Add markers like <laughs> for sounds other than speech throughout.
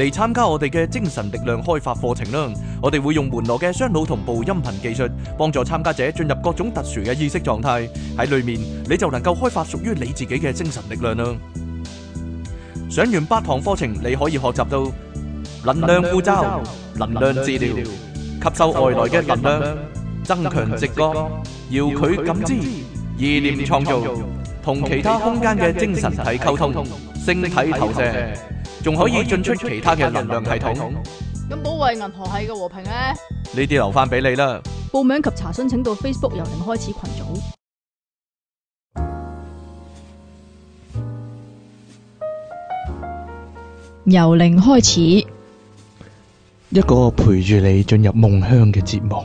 嚟參加我哋嘅精神力量開發課程啦！我哋會用門羅嘅雙腦同步音頻技術，幫助參加者進入各種特殊嘅意識狀態。喺裡面你就能夠開發屬於你自己嘅精神力量啦！上完八堂課程，你可以學習到能量呼召、能量治療、吸收外來嘅能量、增強直覺、遙距感知、意念創造、同其他空間嘅精神體溝通。晶體頭像，仲可以進出其他嘅能量系統。咁保衛銀河系嘅和平咧？呢啲留翻俾你啦。報名及查詢，請到 Facebook，由零開始群組。由零開始，一個陪住你進入夢鄉嘅節目。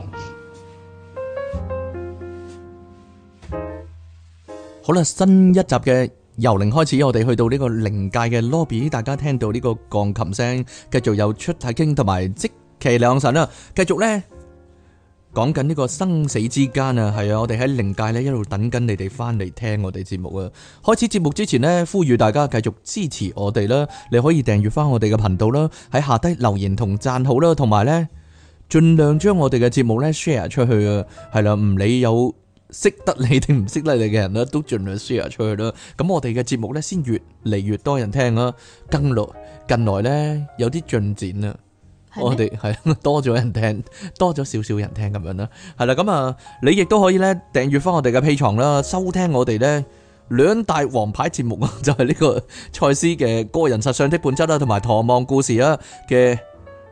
好啦，新一集嘅。由零開始，我哋去到呢個靈界嘅 lobby，大家聽到呢個鋼琴聲，繼續有出體經同埋即其兩神啊！繼續呢，講緊呢個生死之間啊，係啊，我哋喺靈界呢一路等緊你哋翻嚟聽我哋節目啊！開始節目之前呢，呼籲大家繼續支持我哋啦，你可以訂閱翻我哋嘅頻道啦，喺下低留言同讚好啦，同埋呢，盡量將我哋嘅節目呢 share 出去啊！係啦，唔理有。識得你定唔識得你嘅人咧，都盡量 share 出去啦。咁我哋嘅節目咧，先越嚟越多人聽啦。近來近來咧，有啲進展啊。我哋係多咗人聽，多咗少少人聽咁樣啦。係啦，咁啊，你亦都可以咧訂閱翻我哋嘅 Patreon 啦，收聽我哋呢兩大王牌節目啊，就係呢個賽斯嘅個人實相的本質啦，同埋《唐望故事》啦嘅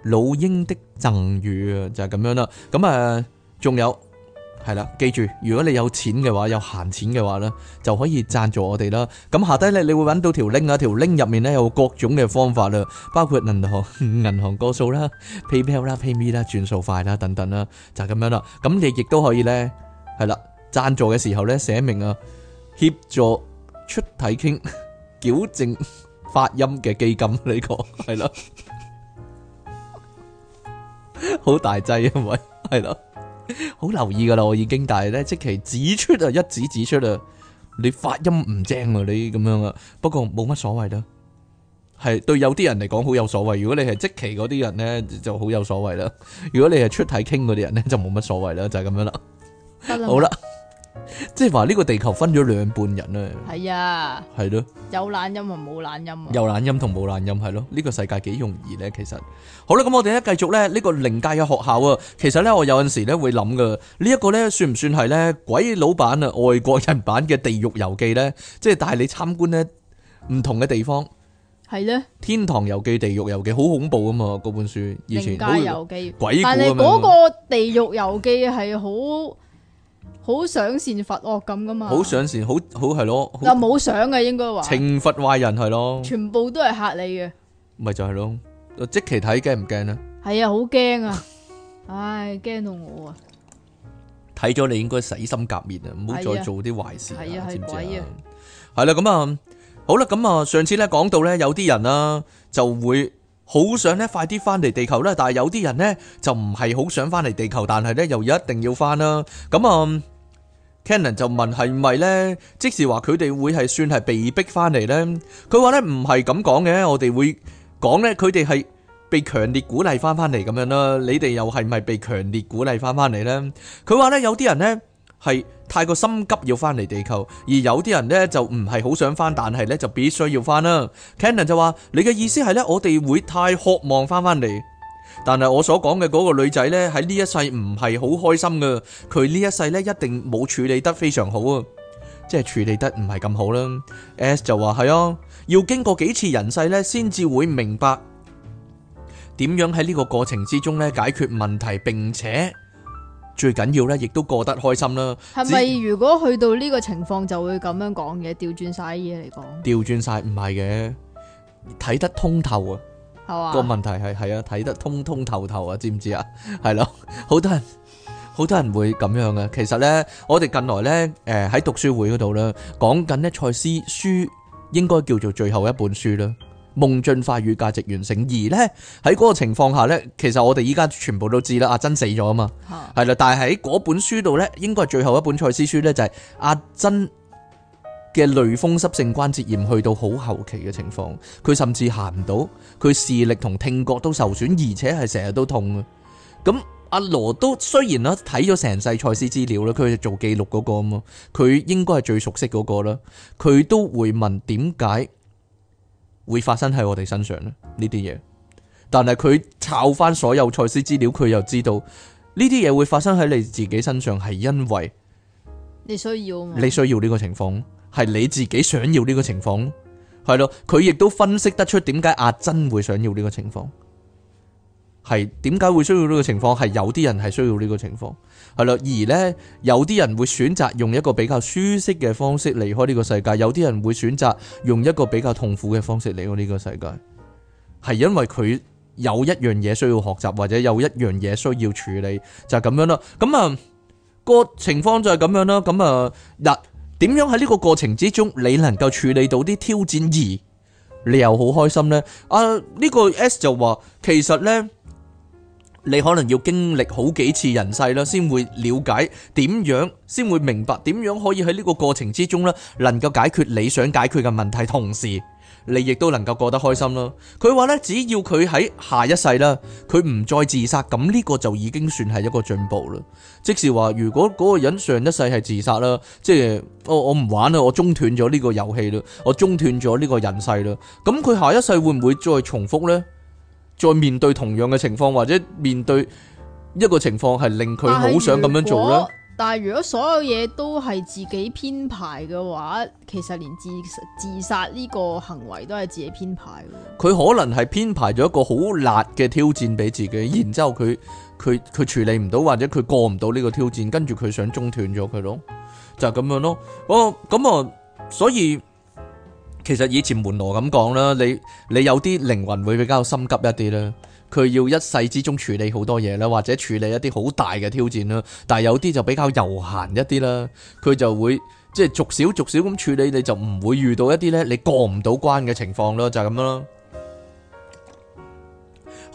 老鷹的贈語啊，就係咁樣啦。咁啊，仲有。係啦，記住，如果你有錢嘅話，有閒錢嘅話咧，就可以贊助我哋啦。咁下低咧，你會揾到條 link 啊，條 link 入面咧，有各種嘅方法啦，包括銀行、銀行個數啦、PayPal 啦、PayMe 啦、轉數快啦等等啦，就係咁樣啦。咁你亦都可以咧，係啦，贊助嘅時候咧寫明啊協助出體傾、矯正發音嘅基金，呢個係啦，好 <laughs> <laughs> 大劑啊，因為，係咯。好 <laughs> 留意噶啦，我已經，但係咧即期指出啊，一指指出啊，你發音唔正啊，你咁樣啊，不過冇乜所謂啦，係對有啲人嚟講好有所謂，如果你係即期嗰啲人咧就好有所謂啦，如果你係出體傾嗰啲人咧就冇乜所謂啦，就係咁樣啦，好啦。即係話呢個地球分咗兩半人啊，係啊，係咯，有懶音啊，冇懶音啊，有懶音同冇懶音係咯，呢個世界幾容易咧，其實。好啦，咁我哋咧繼續咧，呢個靈界嘅學校啊，其實咧我有陣時咧會諗噶，呢一個咧算唔算係咧鬼佬版啊，外國人版嘅地獄遊記咧，即係帶你參觀咧唔同嘅地方，係咧天堂遊記、地獄遊記好恐怖啊嘛，嗰本書，以前。靈界遊記，鬼故，但係嗰個地獄遊記係好。嗯好賞善罰惡咁噶嘛？好賞善，好好係咯但冇想啊，應該話懲罰壞人係咯，全部都係嚇你嘅，咪就係咯，即其睇驚唔驚咧？係啊，好驚啊！唉，驚到我啊！睇咗你應該洗心革面啊，唔好再做啲壞事啦，知唔知啊？係啦，咁啊，好啦，咁啊，上次咧講到咧，有啲人啦就會好想咧快啲翻嚟地球啦，但係有啲人咧就唔係好想翻嚟地球，但係咧又一定要翻啦，咁啊。Cannon 就問係咪呢？即是話佢哋會係算係被逼翻嚟呢？佢話呢，唔係咁講嘅，我哋會講呢，佢哋係被強烈鼓勵翻翻嚟咁樣啦。你哋又係咪被強烈鼓勵翻翻嚟呢？佢話呢，有啲人呢係太過心急要翻嚟地球，而有啲人呢就唔係好想翻，但係呢就必須要翻啦。Cannon 就話你嘅意思係呢，我哋會太渴望翻翻嚟。但係我所講嘅嗰個女仔呢，喺呢一世唔係好開心噶，佢呢一世呢，一定冇處理得非常好啊，即係處理得唔係咁好啦。S 就話係啊，要經過幾次人世呢，先至會明白點樣喺呢個過程之中呢，解決問題，並且最緊要呢，亦都過得開心啦。係咪如果去到呢個情況就會咁樣講嘅？調轉晒嘢嚟講，調轉晒唔係嘅，睇得通透啊！個、啊、問題係係啊，睇得通通透透啊，知唔知啊？係咯，好多人好多人會咁樣嘅。其實呢，我哋近來呢，誒、呃、喺讀書會嗰度呢，講緊呢賽斯書應該叫做最後一本書啦，《夢進化與價值完成》。而呢，喺嗰個情況下呢，其實我哋依家全部都知啦，阿、啊、珍死咗啊嘛，係啦、啊。但係喺嗰本書度呢，應該係最後一本賽斯書呢，就係阿珍。嘅類風濕性關節炎去到好後期嘅情況，佢甚至行唔到，佢視力同聽覺都受損，而且係成日都痛啊。咁阿羅都雖然啦，睇咗成世賽斯資料啦，佢係做記錄嗰個啊嘛，佢應該係最熟悉嗰個啦。佢都會問點解會發生喺我哋身上咧呢啲嘢？但係佢抄翻所有賽斯資料，佢又知道呢啲嘢會發生喺你自己身上係因為你需要你需要呢個情況。係你自己想要呢個情況，係咯？佢亦都分析得出點解阿珍會想要呢個情況，係點解會需要呢個情況？係有啲人係需要呢個情況，係咯？而呢，有啲人會選擇用一個比較舒適嘅方式離開呢個世界，有啲人會選擇用一個比較痛苦嘅方式離開呢個世界，係因為佢有一樣嘢需要學習，或者有一樣嘢需要處理，就係咁樣咯。咁啊，個情況就係咁樣咯。咁啊日。點樣喺呢個過程之中，你能夠處理到啲挑戰二，你又好開心呢？啊，呢個 S 就話，其實呢，你可能要經歷好幾次人世啦，先會了解點樣，先會明白點樣可以喺呢個過程之中咧，能夠解決你想解決嘅問題，同時。你亦都能夠過得開心啦。佢話咧，只要佢喺下一世啦，佢唔再自殺，咁呢個就已經算係一個進步啦。即是話如果嗰個人上一世係自殺啦，即係我我唔玩啦，我中斷咗呢個遊戲啦，我中斷咗呢個人世啦，咁佢下一世會唔會再重複呢？再面對同樣嘅情況，或者面對一個情況係令佢好想咁樣做呢？但係如果所有嘢都係自己編排嘅話，其實連自自殺呢個行為都係自己編排。佢可能係編排咗一個好辣嘅挑戰俾自己，然之後佢佢佢處理唔到或者佢過唔到呢個挑戰，跟住佢想中斷咗佢咯，就係咁樣咯。哦，咁啊，所以其實以前門羅咁講啦，你你有啲靈魂會比較心急一啲啦。佢要一世之中處理好多嘢啦，或者處理一啲好大嘅挑戰啦，但係有啲就比較悠閒一啲啦，佢就會即係、就是、逐少逐少咁處理，你就唔會遇到一啲咧你過唔到關嘅情況咯，就係咁咯。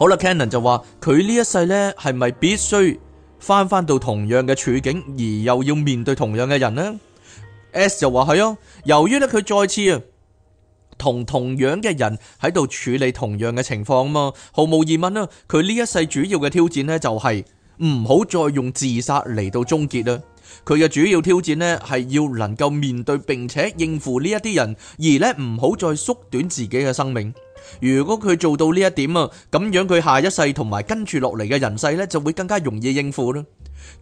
<noise> 好啦，Cannon 就話佢呢一世呢係咪必須翻翻到同樣嘅處境而又要面對同樣嘅人呢 s, <noise> S 就話係咯，由於咧佢再次啊。同同樣嘅人喺度處理同樣嘅情況嘛，毫無疑問啦。佢呢一世主要嘅挑戰呢，就係唔好再用自殺嚟到終結啦。佢嘅主要挑戰呢，係要能夠面對並且應付呢一啲人，而呢唔好再縮短自己嘅生命。如果佢做到呢一點啊，咁樣佢下一世同埋跟住落嚟嘅人世呢，就會更加容易應付啦。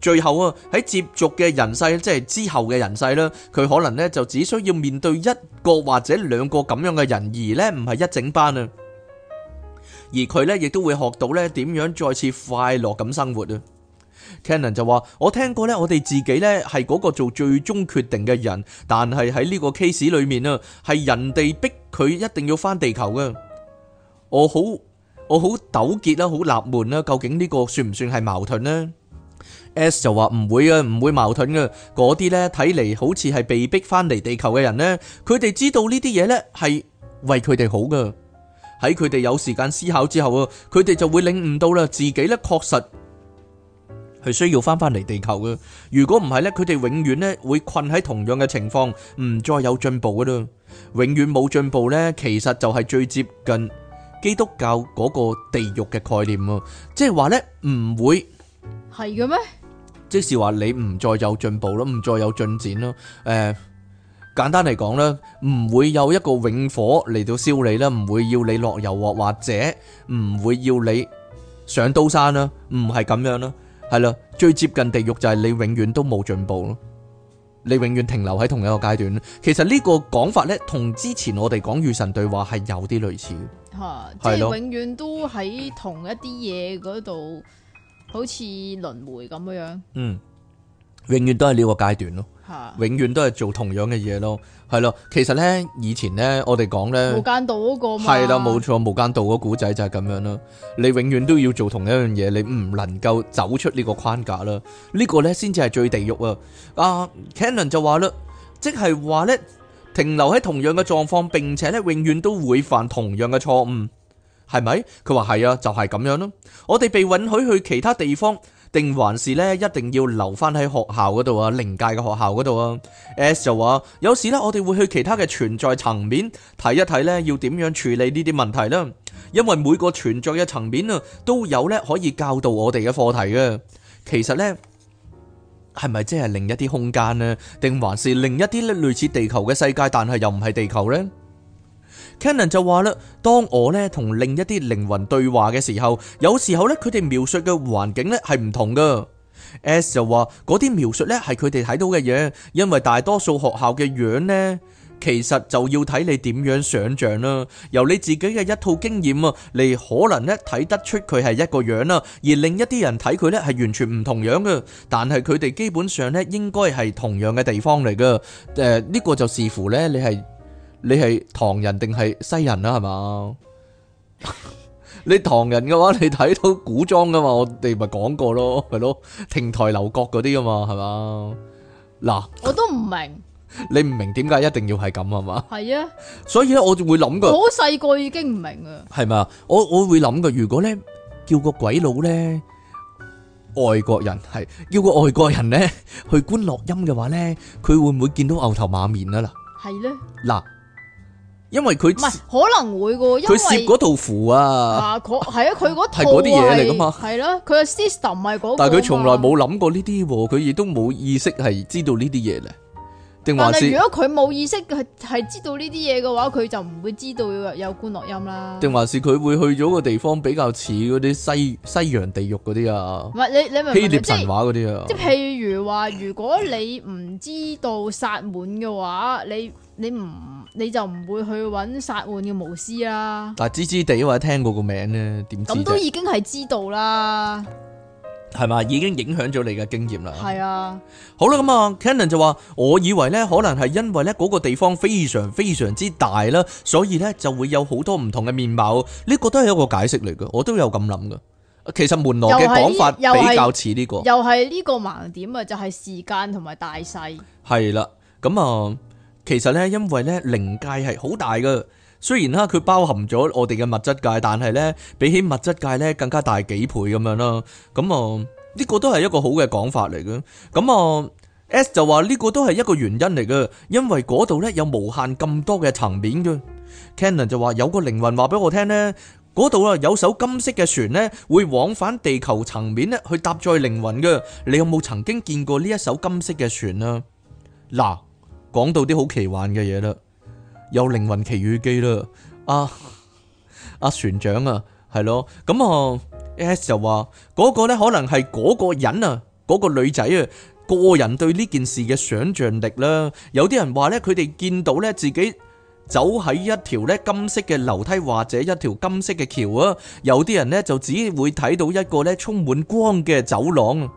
最後啊，喺接續嘅人世，即係之後嘅人世咧，佢可能咧就只需要面對一個或者兩個咁樣嘅人，而呢唔係一整班啊。而佢呢亦都會學到咧點樣再次快樂咁生活啊。Cannon 就話：我聽過呢，我哋自己呢係嗰個做最終決定嘅人，但係喺呢個 case 裏面啊，係人哋逼佢一定要返地球嘅。我好我好糾結啦，好納悶啦，究竟呢個算唔算係矛盾呢？S, S 就話唔會啊，唔會矛盾嘅。嗰啲呢睇嚟好似係被逼翻嚟地球嘅人呢，佢哋知道呢啲嘢呢係為佢哋好嘅。喺佢哋有時間思考之後啊，佢哋就會領悟到啦，自己呢確實係需要翻翻嚟地球嘅。如果唔係呢，佢哋永遠呢會困喺同樣嘅情況，唔再有進步嘅啦。永遠冇進步呢，其實就係最接近基督教嗰個地獄嘅概念啊，即係話呢唔會。係咩？是即是話你唔再有進步咯，唔再有進展咯。誒、呃，簡單嚟講咧，唔會有一個永火嚟到燒你啦，唔會要你落油鑊，或者唔會要你上刀山啦，唔係咁樣咯，係啦，最接近地獄就係你永遠都冇進步咯，你永遠停留喺同一個階段。其實呢個講法呢，同之前我哋講與神對話係有啲類似嘅，吓、啊，即係永遠都喺同一啲嘢嗰度。好似輪回咁樣樣，嗯，永遠都係呢個階段咯，永遠都係做同樣嘅嘢咯，係咯，其實呢，以前呢，我哋講呢，無間道嗰個係啦，冇錯，無間道個古仔就係咁樣咯，你永遠都要做同一樣嘢，你唔能夠走出呢個框架啦，呢個呢，先至係最地獄啊！啊，Cannon 就話啦，即係話呢，停留喺同樣嘅狀況，並且呢，永遠都會犯同樣嘅錯誤。係咪？佢話係啊，就係咁樣咯。我哋被允許去其他地方，定還是咧一定要留返喺學校嗰度啊？靈界嘅學校嗰度啊？S 就話有時咧，我哋會去其他嘅存在層面睇一睇咧，要點樣處理呢啲問題咧？因為每個存在嘅層面啊，都有咧可以教導我哋嘅課題嘅。其實咧，係咪即係另一啲空間咧？定還是另一啲咧類似地球嘅世界，但係又唔係地球咧？Kenan 就話啦，當我咧同另一啲靈魂對話嘅時候，有時候咧佢哋描述嘅環境咧係唔同噶。S 就話嗰啲描述咧係佢哋睇到嘅嘢，因為大多數學校嘅樣呢，其實就要睇你點樣想象啦，由你自己嘅一套經驗啊你可能咧睇得出佢係一個樣啦，而另一啲人睇佢咧係完全唔同樣嘅。但係佢哋基本上咧應該係同樣嘅地方嚟噶。誒、呃，呢個就視乎咧你係。你係唐人定係西人啊，係 <laughs> 嘛？你唐人嘅話，你睇到古裝噶嘛？我哋咪講過咯，係咯？亭台樓閣嗰啲噶嘛，係嘛？嗱，我都唔明。你唔明點解一定要係咁係嘛？係啊，所以咧，我就會諗噶。好細個已經唔明啊。係嘛？我我會諗噶。如果咧叫個鬼佬咧，外國人係叫個外國人咧去觀落陰嘅話咧，佢會唔會見到牛頭馬面啊？啦呢，係咧。嗱。因為佢唔係可能會噶，因為佢涉嗰套符啊，啊，可係啊，佢嗰套係嗰啲嘢嚟噶嘛，係咯， <laughs> 佢嘅 system 係嗰，但係佢從來冇諗過呢啲，佢亦都冇意識係知道呢啲嘢咧。定但係如果佢冇意識，係係知道呢啲嘢嘅話，佢就唔會知道有有官樂音啦。定還是佢會去咗個地方比較似嗰啲西西洋地獄嗰啲啊？唔係、嗯、你你希臘神話嗰啲啊？即係譬如話，如果你唔知道薩滿嘅話，你你唔你就唔會去揾薩滿嘅巫師啦。但係知知地或者聽過個名咧，點咁都已經係知道啦。係嘛，已經影響咗你嘅經驗啦。係啊，好啦了，咁啊，嗯、Canon 就話，我以為呢，可能係因為呢嗰個地方非常非常之大啦，所以呢就會有好多唔同嘅面貌。呢、這個都係一個解釋嚟嘅，我都有咁諗嘅。其實門羅嘅講法比較似呢、呢個，又係呢個盲點、就係、啊，就係時間同埋大細。係啦，咁啊，其實呢，因為呢，靈界係好大嘅。雖然啦，佢包含咗我哋嘅物質界，但係咧，比起物質界咧更加大幾倍咁樣咯。咁啊，呢個都係一個好嘅講法嚟嘅。咁啊，S 就話呢個都係一個原因嚟嘅，因為嗰度咧有無限咁多嘅層面嘅。Cannon 就話有個靈魂話俾我聽呢，嗰度啊有艘金色嘅船咧，會往返地球層面咧去搭載靈魂嘅。你有冇曾經見過呢一艘金色嘅船啊？嗱，講到啲好奇幻嘅嘢啦。有靈魂奇遇記啦，阿、啊、阿、啊、船長啊，係咯，咁、嗯、啊，S 就話嗰、那個呢可能係嗰個人啊，嗰、那個女仔啊，個人對呢件事嘅想像力啦、啊。有啲人話呢，佢哋見到呢，自己走喺一條呢金色嘅樓梯或者一條金色嘅橋啊，有啲人呢，就只會睇到一個呢充滿光嘅走廊。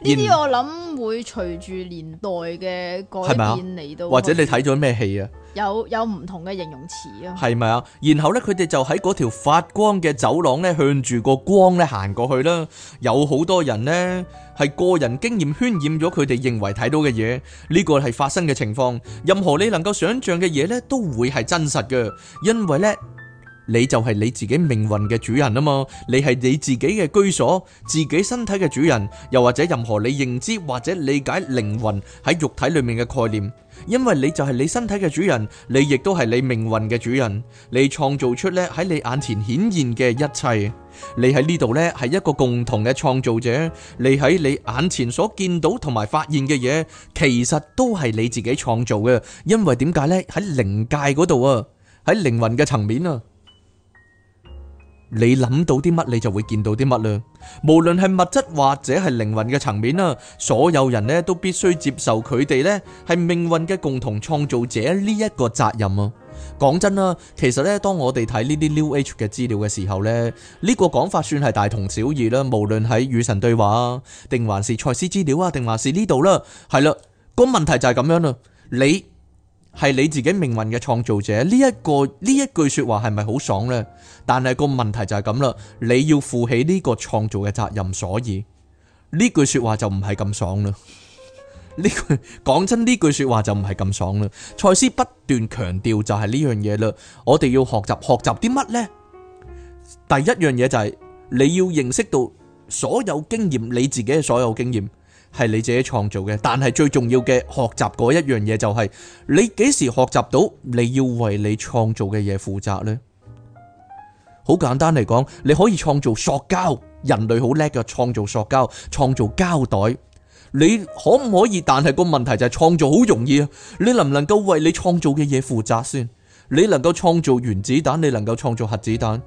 呢啲我諗會隨住年代嘅改變嚟到，或者你睇咗咩戲啊，有有唔同嘅形容詞啊？係咪啊？然後呢，佢哋就喺嗰條發光嘅走廊呢，向住個光呢行過去啦。有好多人呢，係個人經驗渲染咗佢哋認為睇到嘅嘢，呢個係發生嘅情況。任何你能夠想象嘅嘢呢，都會係真實嘅，因為呢，你就係你自己命運嘅主人吖嘛，你係你自己嘅居所，自己身體嘅主人，又或者任何你認知或者理解靈魂喺肉體裏面嘅概念。因為你就係你身體嘅主人，你亦都係你命運嘅主人。你創造出呢喺你眼前顯現嘅一切。你喺呢度呢係一個共同嘅創造者，你喺你眼前所見到同埋發現嘅嘢，其實都係你自己創造嘅。因為點解呢？喺靈界嗰度啊，喺靈魂嘅層面啊。你諗到啲乜，你就會見到啲乜啦。無論係物質或者係靈魂嘅層面啊，所有人呢都必須接受佢哋呢係命運嘅共同創造者呢一個責任啊。講真啦，其實呢當我哋睇呢啲 New Age 嘅資料嘅時候呢，呢個講法算係大同小異啦。無論係與神對話啊，定還是賽斯資料啊，定還是呢度啦，係啦。個問題就係咁樣啦，你。係你自己命運嘅創造者，呢一個呢一句說話係咪好爽呢？但係個問題就係咁啦，你要負起呢個創造嘅責任，所以呢句說話就唔係咁爽啦。呢句講真，呢句說話就唔係咁爽啦。賽斯不斷強調就係呢樣嘢啦，我哋要學習學習啲乜呢？第一樣嘢就係、是、你要認識到所有經驗，你自己嘅所有經驗。係你自己創造嘅，但係最重要嘅學習嗰一樣嘢就係你幾時學習到你要為你創造嘅嘢負責呢？好簡單嚟講，你可以創造塑膠，人類好叻嘅創造塑膠，創造膠袋，你可唔可以？但係個問題就係創造好容易啊！你能唔能夠為你創造嘅嘢負責先？你能夠創造原子彈，你能夠創造核子彈，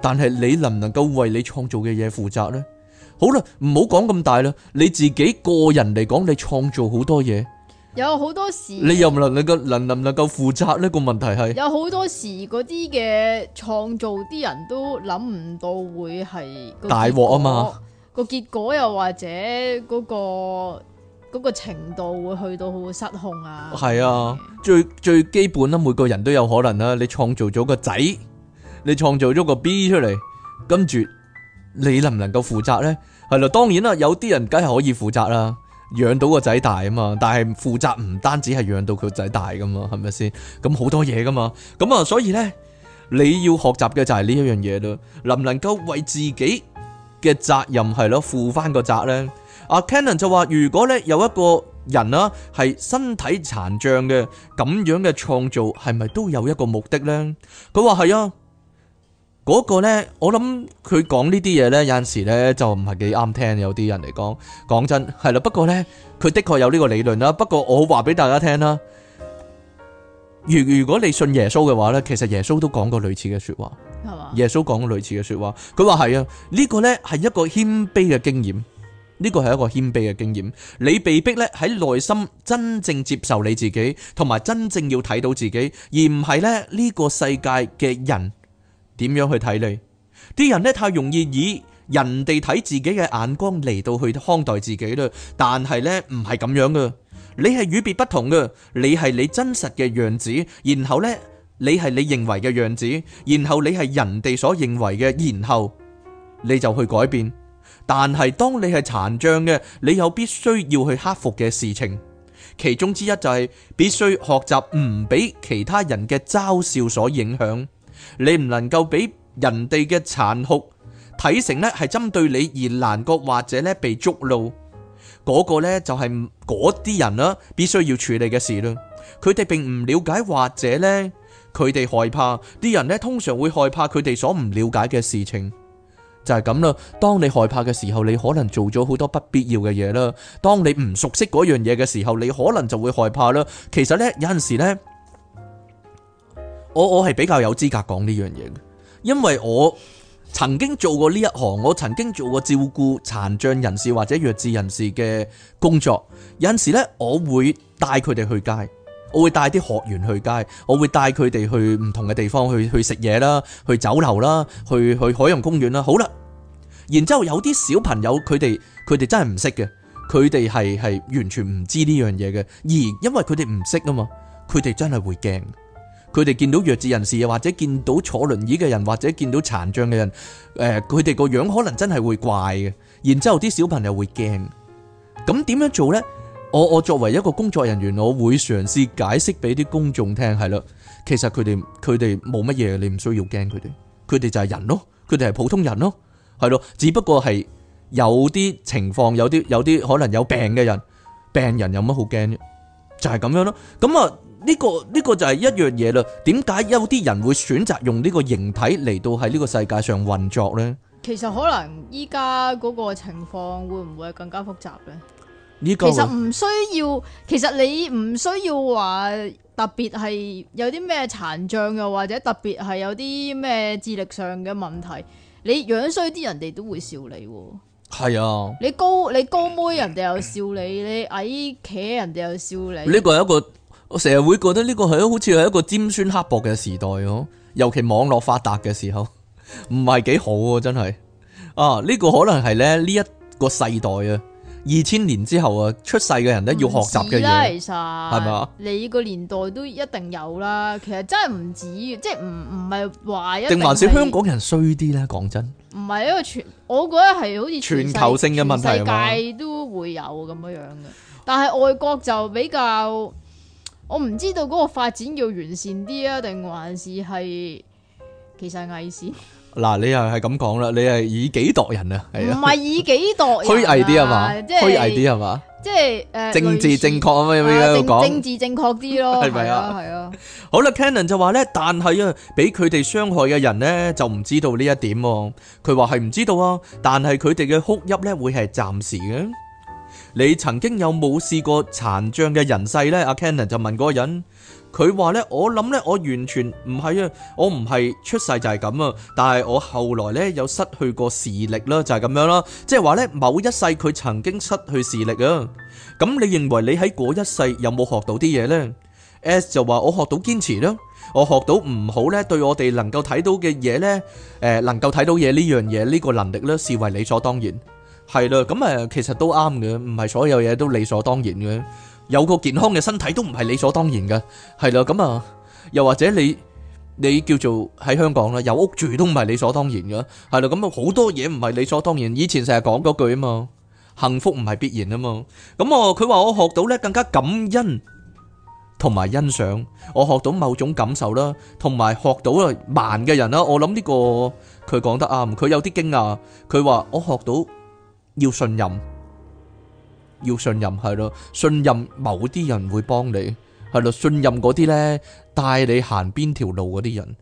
但係你能唔能夠為你創造嘅嘢負責呢？好啦，唔好講咁大啦。你自己個人嚟講，你創造好多嘢，有好多時，你又唔能能能夠能能能夠負責呢個問題係？有好多時嗰啲嘅創造，啲人都諗唔到會係大鑊啊嘛。個結果又或者嗰個嗰個程度會去到好失控啊？係啊，最最基本啦，每個人都有可能啦。你創造咗個仔，你創造咗個 B 出嚟，跟住你能唔能夠負責咧？係啦，當然啦，有啲人梗係可以負責啦，養到個仔大啊嘛，但係負責唔單止係養到佢仔大噶嘛，係咪先？咁好多嘢噶嘛，咁、嗯、啊，所以呢，你要學習嘅就係呢一樣嘢咯，能唔能夠為自己嘅責任係咯負翻個責呢？阿、啊、k e n n e n 就話：如果呢有一個人啦、啊、係身體殘障嘅，咁樣嘅創造係咪都有一個目的呢？佢話係啊。嗰個呢，我諗佢講呢啲嘢呢，有陣時咧就唔係幾啱聽，有啲人嚟講，講真係啦。不過呢，佢的確有呢個理論啦。不過我話俾大家聽啦，如如果你信耶穌嘅話呢，其實耶穌都講過類似嘅說話。係嘛？耶穌講過類似嘅說話，佢話係啊，呢個呢係一個謙卑嘅經驗，呢個係一個謙卑嘅經驗。你被逼呢喺內心真正接受你自己，同埋真正要睇到自己，而唔係咧呢個世界嘅人。點樣去睇你？啲人呢，太容易以人哋睇自己嘅眼光嚟到去看待自己嘞。但係呢，唔係咁樣嘅，你係與別不同嘅，你係你真實嘅樣子。然後呢，你係你認為嘅樣子。然後你係人哋所認為嘅。然後你就去改變。但係當你係殘障嘅，你有必須要去克服嘅事情，其中之一就係必須學習唔俾其他人嘅嘲笑所影響。你唔能夠俾人哋嘅殘酷睇成呢，係針對你而難過或者呢被捉弄嗰、那個呢，就係嗰啲人啦，必須要處理嘅事啦。佢哋並唔了解或者呢，佢哋害怕啲人呢，通常會害怕佢哋所唔了解嘅事情就係咁啦。當你害怕嘅時候，你可能做咗好多不必要嘅嘢啦。當你唔熟悉嗰樣嘢嘅時候，你可能就會害怕啦。其實呢，有陣時呢。我我係比較有資格講呢樣嘢嘅，因為我曾經做過呢一行，我曾經做過照顧殘障人士或者弱智人士嘅工作。有陣時呢，我會帶佢哋去街，我會帶啲學員去街，我會帶佢哋去唔同嘅地方去去食嘢啦，去酒樓啦，去去海洋公園啦。好啦，然之後有啲小朋友佢哋佢哋真係唔識嘅，佢哋係係完全唔知呢樣嘢嘅，而因為佢哋唔識啊嘛，佢哋真係會驚。佢哋見到弱智人士，又或者見到坐輪椅嘅人，或者見到殘障嘅人，誒、呃，佢哋個樣可能真係會怪嘅。然之後啲小朋友會驚，咁點樣，樣做呢？我我作為一個工作人員，我會嘗試解釋俾啲公眾聽，係咯，其實佢哋佢哋冇乜嘢，你唔需要驚佢哋，佢哋就係人咯，佢哋係普通人咯，係咯，只不過係有啲情況，有啲有啲可能有病嘅人，病人有乜好驚啫？就係、是、咁樣咯，咁啊。呢個呢個就係一樣嘢啦。點解有啲人會選擇用呢個形體嚟到喺呢個世界上運作呢？其實可能依家嗰個情況會唔會更加複雜呢？呢個在其實唔需要，其實你唔需要話特別係有啲咩殘障，又或者特別係有啲咩智力上嘅問題，你樣衰啲人哋都會笑你。係是啊你，你高你高妹人哋又笑你，你矮企人哋又笑你。呢個係一個。我成日會覺得呢個係好似係一個尖酸刻薄嘅時代哦，尤其網絡發達嘅時候，唔係幾好啊，真係啊呢個可能係咧呢一個世代啊，二千年之後啊出世嘅人咧要學習嘅嘢，係咪啊？你個年代都一定有啦，其實真係唔止即係唔唔係話一定定還是香港人衰啲咧？講真，唔係因為全，我覺得係好似全球性嘅問題，世界都會有咁樣樣嘅，但係外國就比較。我唔知道嗰個發展要完善啲啊，定還是係其實偽善？嗱，你又係咁講啦，你係以己度人啊？唔係、啊、以己度虛、啊、偽啲啊嘛？虛是偽啲係嘛？即係誒、呃、政治正確似啊嘛？政治正確啲咯，係咪啊？係啊。 <laughs> 啊啊啊 <laughs> 好啦，Canon 就話咧，但係啊，俾佢哋傷害嘅人咧，就唔知道呢一點。佢話係唔知道啊，但係佢哋嘅哭泣咧，會係暫時嘅。你曾經有冇試過殘障嘅人世呢？阿 Kenner 就問嗰人，佢話呢我諗呢，我完全唔係啊，我唔係出世就係咁啊。但係我後來呢，有失去過視力啦，就係、是、咁樣啦。即係話呢，某一世佢曾經失去視力啊。咁你認為你喺嗰一世有冇學到啲嘢呢？S 就話：我學到堅持啦，我學到唔好呢，對我哋能夠睇到嘅嘢呢，誒、呃、能夠睇到嘢呢樣嘢呢個能力咧，視為理所當然。係啦，咁啊，其實都啱嘅，唔係所有嘢都理所當然嘅。有個健康嘅身體都唔係理所當然嘅，係啦，咁啊，又或者你你叫做喺香港啦，有屋住都唔係理所當然嘅，係啦，咁啊，好多嘢唔係理所當然。以前成日講嗰句啊嘛，幸福唔係必然啊嘛。咁我佢話我學到咧更加感恩，同埋欣賞。我學到某種感受啦，同埋學到啊慢嘅人啦。我諗呢個佢講得啱，佢有啲驚訝。佢話我學到。要信任，要信任係咯，信任某啲人會幫你係咯，信任嗰啲呢帶你行邊條路嗰啲人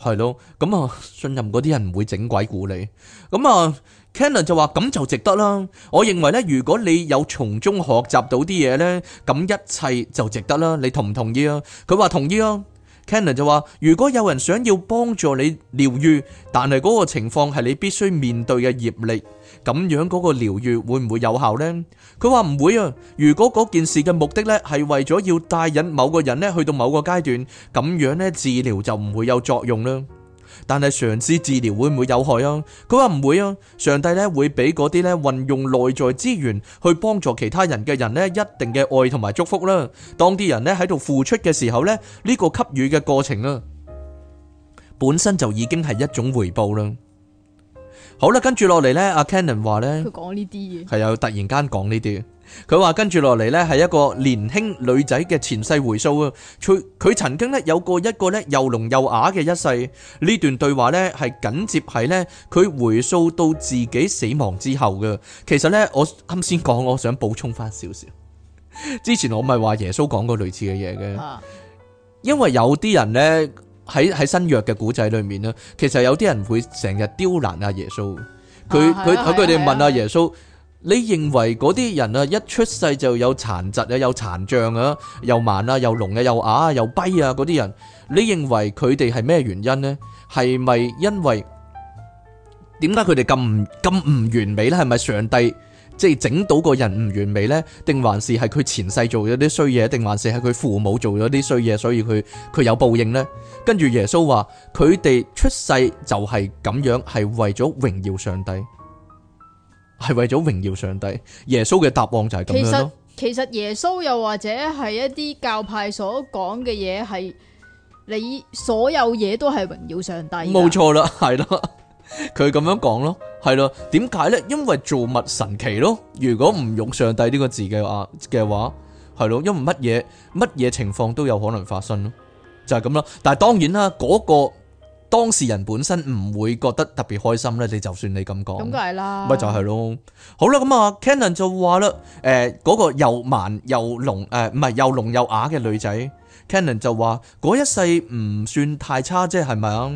係咯，咁啊，信任嗰啲人唔會整鬼故你，咁啊，Cannon 就話咁就值得啦。我認為呢，如果你有從中學習到啲嘢呢，咁一切就值得啦。你同唔同意啊？佢話同意啊。Cannon 就話，如果有人想要幫助你療愈，但係嗰個情況係你必須面對嘅業力。咁樣嗰個療癒會唔會有效呢？佢話唔會啊！如果嗰件事嘅目的咧係為咗要帶引某個人咧去到某個階段，咁樣咧治療就唔會有作用啦。但係嘗試治療會唔會有害啊？佢話唔會啊！上帝咧會俾嗰啲咧運用內在資源去幫助其他人嘅人咧一定嘅愛同埋祝福啦。當啲人咧喺度付出嘅時候咧，呢個給予嘅過程啊，本身就已經係一種回報啦。好啦，跟住落嚟呢，阿 Canon 話呢，佢講呢啲嘢，係又突然間講呢啲。佢話跟住落嚟呢係一個年輕女仔嘅前世回溯啊。佢佢曾經呢有過一個呢又聾又啞嘅一世。呢段對話呢係緊接係呢佢回溯到自己死亡之後嘅。其實呢，我啱先講，我想補充翻少少。之前我咪話耶穌講過類似嘅嘢嘅，因為有啲人呢。喺喺新約嘅古仔裏面咧，其實有啲人會成日刁難阿耶穌。佢佢佢佢哋問阿耶穌：你認為嗰啲人啊，一出世就有殘疾啊，有殘障啊，又盲啊，又聾啊，又啞啊，又跛啊，嗰啲人，你認為佢哋係咩原因呢？係咪因為點解佢哋咁唔咁唔完美呢？係咪上帝？即係整到個人唔完美呢，定還是係佢前世做咗啲衰嘢，定還是係佢父母做咗啲衰嘢，所以佢佢有報應呢？跟住耶穌話佢哋出世就係咁樣，係為咗榮耀上帝，係為咗榮耀上帝。耶穌嘅答案就係咁樣咯。其實其實耶穌又或者係一啲教派所講嘅嘢，係你所有嘢都係榮耀上帝。冇錯啦，係咯。佢咁樣講咯，係咯？點解咧？因為造物神奇咯。如果唔用上帝呢個字嘅啊嘅話，係咯，因為乜嘢？乜嘢情況都有可能發生咯，就係咁啦。但係當然啦，嗰、那個當事人本身唔會覺得特別開心咧。你就算你咁講，咁梗係啦，咪就係咯。好啦，咁啊，Cannon 就話啦，誒、呃，嗰、那個又盲又聾誒，唔、呃、係又聾又啞嘅女仔，Cannon 就話嗰一世唔算太差啫，係咪啊？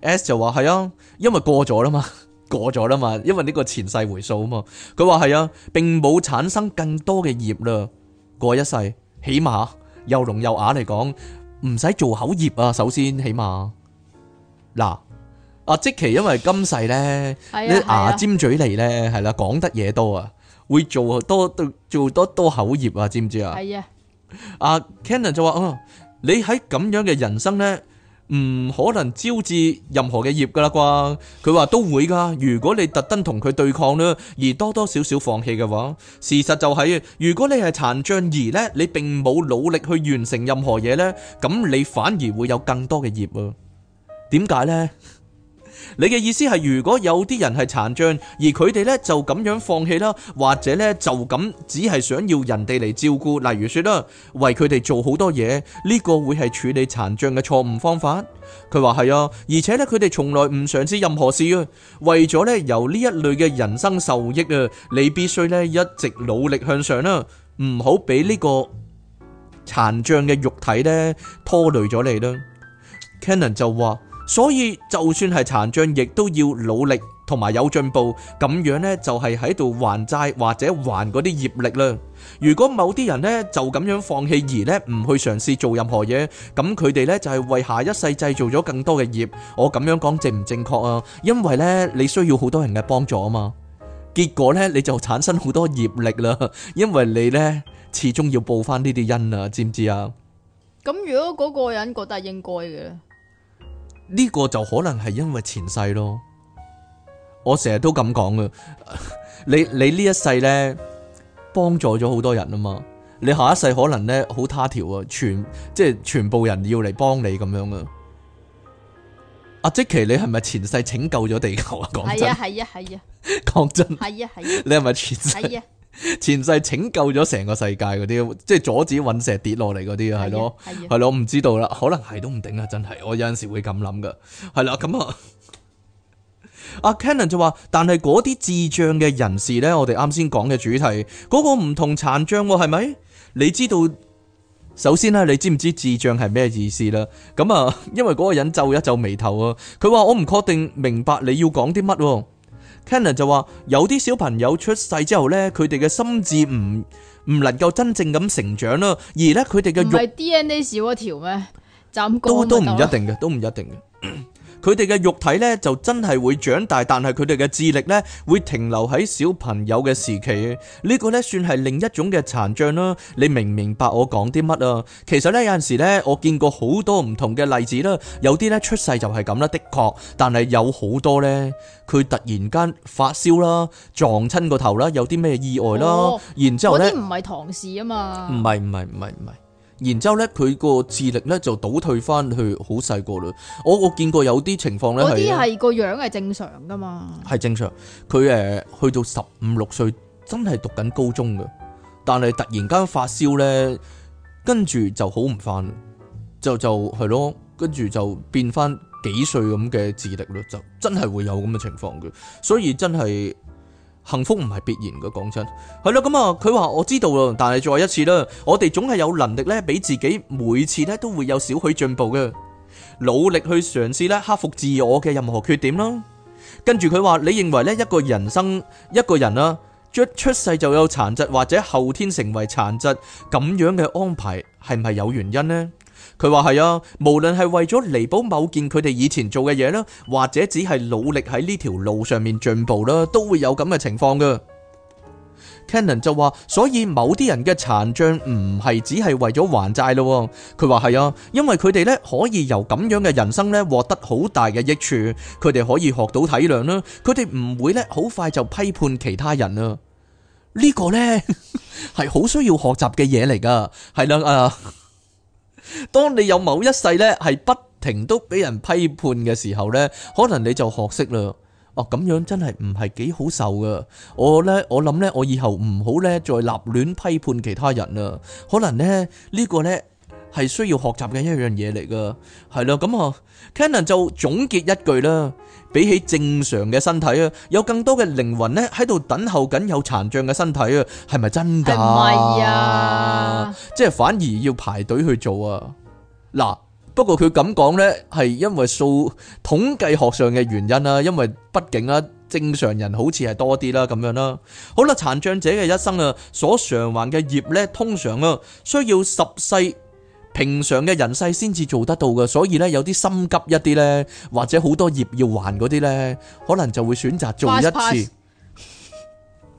S 就話係啊，因為過咗啦嘛，過咗啦嘛，因為呢個前世回數啊嘛。佢話係啊，並冇產生更多嘅業啦。過一世，起碼又聾又啞嚟講，唔使做口業啊。首先，起碼嗱阿即期，因為今世咧你牙尖嘴利咧，係啦，講得嘢多啊，會做多到做多多口業啊，知唔知啊？係啊。阿 Cannon 就話：哦，你喺咁樣嘅人生咧。唔可能招致任何嘅業噶啦啩？佢話都會噶。如果你特登同佢對抗呢，而多多少少放棄嘅話，事實就係、是，如果你係殘障兒呢，你並冇努力去完成任何嘢呢，咁你反而會有更多嘅業啊？點解呢？你嘅意思係，如果有啲人係殘障，而佢哋呢就咁樣放棄啦，或者呢就咁只係想要人哋嚟照顧，例如說啦，為佢哋做好多嘢，呢個會係處理殘障嘅錯誤方法。佢話係啊，而且呢，佢哋從來唔嘗試任何事啊，為咗呢由呢一類嘅人生受益啊，你必須呢一直努力向上啦，唔好俾呢個殘障嘅肉體呢拖累咗你啦。Cannon 就話。所以就算係殘障，亦都要努力同埋有進步，咁樣呢就係喺度還債或者還嗰啲業力啦。如果某啲人呢就咁樣放棄而呢唔去嘗試做任何嘢，咁佢哋呢就係為下一世製造咗更多嘅業。我咁樣講正唔正確啊？因為呢你需要好多人嘅幫助啊嘛。結果呢你就產生好多業力啦，因為你呢始終要報翻呢啲恩啊，知唔知啊？咁如果嗰個人覺得應該嘅咧？呢個就可能係因為前世咯，我成日都咁講噶。你你呢一世咧幫助咗好多人啊嘛，你下一世可能咧好他條啊，全即係全部人要嚟幫你咁樣啊。阿即奇，你係咪前世拯救咗地球啊？講真，係啊，係啊係啊，講真，係啊，係啊，你係咪前世？前世拯救咗成個世界嗰啲，即係阻止隕石跌落嚟嗰啲啊，係咯，係咯，我唔知道啦，可能係都唔定啊，真係，我有陣時會咁諗噶，係啦，咁啊，阿、啊、Kenan 就話，但係嗰啲智障嘅人士咧，我哋啱先講嘅主題，嗰、嗰個唔同殘障係、哦、咪？你知道，首先咧，你知唔知智障係咩意思啦？咁啊，因為嗰個人皺一皺眉頭啊，佢話我唔確定明白你要講啲乜。Kenner 就話：有啲小朋友出世之後咧，佢哋嘅心智唔唔能夠真正咁成長啦，而咧佢哋嘅肉唔係 DNA 小一條咩？站高都都唔一定嘅， <laughs> 都唔一定嘅。 <coughs> 佢哋嘅肉體呢，就真係會長大，但係佢哋嘅智力呢，會停留喺小朋友嘅時期。呢、這個呢，算係另一種嘅殘障啦。你明唔明白我講啲乜啊？其實呢，有陣時呢我見過好多唔同嘅例子啦，有啲呢，出世就係咁啦，的確。但係有好多呢，佢突然間發燒啦，撞親個頭啦，有啲咩意外啦，哦、然之後呢啲唔係唐氏啊嘛，唔係唔係唔係唔係。然之後咧，佢個智力咧就倒退翻去好細個啦。我我見過有啲情況咧，嗰啲係個樣係正常噶嘛，係正常。佢誒、呃、去到十五六歲真係讀緊高中噶，但係突然間發燒咧，跟住就好唔翻，就就係咯，跟住就變翻幾歲咁嘅智力咯，就真係會有咁嘅情況嘅，所以真係。幸福唔係必然嘅。講真係咯。咁啊，佢話我知道啦，但係再一次啦，我哋總係有能力咧，俾自己每次咧都會有少許進步嘅，努力去嘗試咧，克服自我嘅任何缺點囉。跟住佢話，「你認為咧一個人生一個人啊，出世就有殘疾或者後天成為殘疾咁樣嘅安排，係唔係有原因呢？」佢話係啊，無論係為咗彌補某件佢哋以前做嘅嘢啦，或者只係努力喺呢條路上面進步啦，都會有咁嘅情況嘅。Cannon 就話：所以某啲人嘅殘障唔係只係為咗還債咯。佢話係啊，因為佢哋呢可以由咁樣嘅人生呢獲得好大嘅益處，佢哋可以學到體諒啦，佢哋唔會呢好快就批判其他人啊。呢、呢個呢係好 <laughs> 需要學習嘅嘢嚟噶，係啦啊！ <laughs> 當你有某一世咧，係不停都俾人批判嘅時候呢，可能你就學識啦。哦、啊，咁樣真係唔係幾好受噶。我咧，我諗咧，我以後唔好呢再立亂批判其他人啦。可能呢，呢、這個呢係需要學習嘅一樣嘢嚟噶。係啦，咁啊，Canon 就總結一句啦。比起正常嘅身體啊，有更多嘅靈魂咧喺度等候緊有殘障嘅身體。是是是是啊，係咪真噶？唔係啊，即係反而要排隊去做啊。嗱，不過佢咁講呢，係因為數統計學上嘅原因啦，因為畢竟啦，正常人好似係多啲啦咁樣啦。好啦，殘障者嘅一生啊，所償還嘅業呢，通常啊，需要十世。平常嘅人世先至做得到噶，所以呢，有啲心急一啲呢，或者好多業要還嗰啲呢，可能就會選擇做一次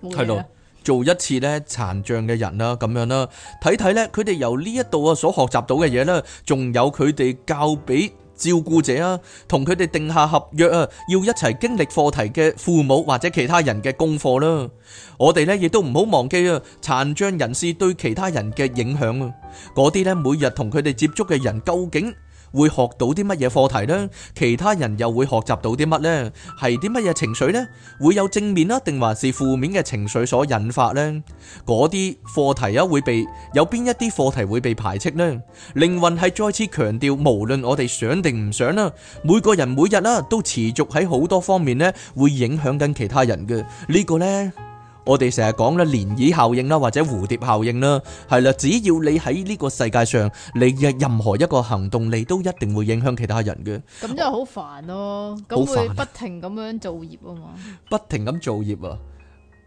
係囉，做一次呢殘障嘅人啦，咁樣啦，睇睇呢佢哋由呢一度啊所學習到嘅嘢呢，仲有佢哋教俾。照顧者啊，同佢哋定下合約啊，要一齊經歷課題嘅父母或者其他人嘅功課啦。我哋咧亦都唔好忘記啊，殘障人士對其他人嘅影響啊，嗰啲咧每日同佢哋接觸嘅人究竟會學到啲乜嘢課題呢？其他人又會學習到啲乜呢？係啲乜嘢情緒呢？會有正面啦、啊，定還是負面嘅情緒所引發呢？嗰啲課題啊，會被有邊一啲課題會被排斥呢？靈魂係再次強調，無論我哋想定唔想啦，每個人每日啦、啊、都持續喺好多方面呢，會影響緊其他人嘅呢、呢個呢。我哋成日講啦，漣漪效應啦，或者蝴蝶效應啦，係啦，只要你喺呢個世界上，你嘅任何一個行動，你都一定會影響其他人嘅。咁真係好煩咯，咁會不停咁樣造業啊嘛？不停咁造業啊，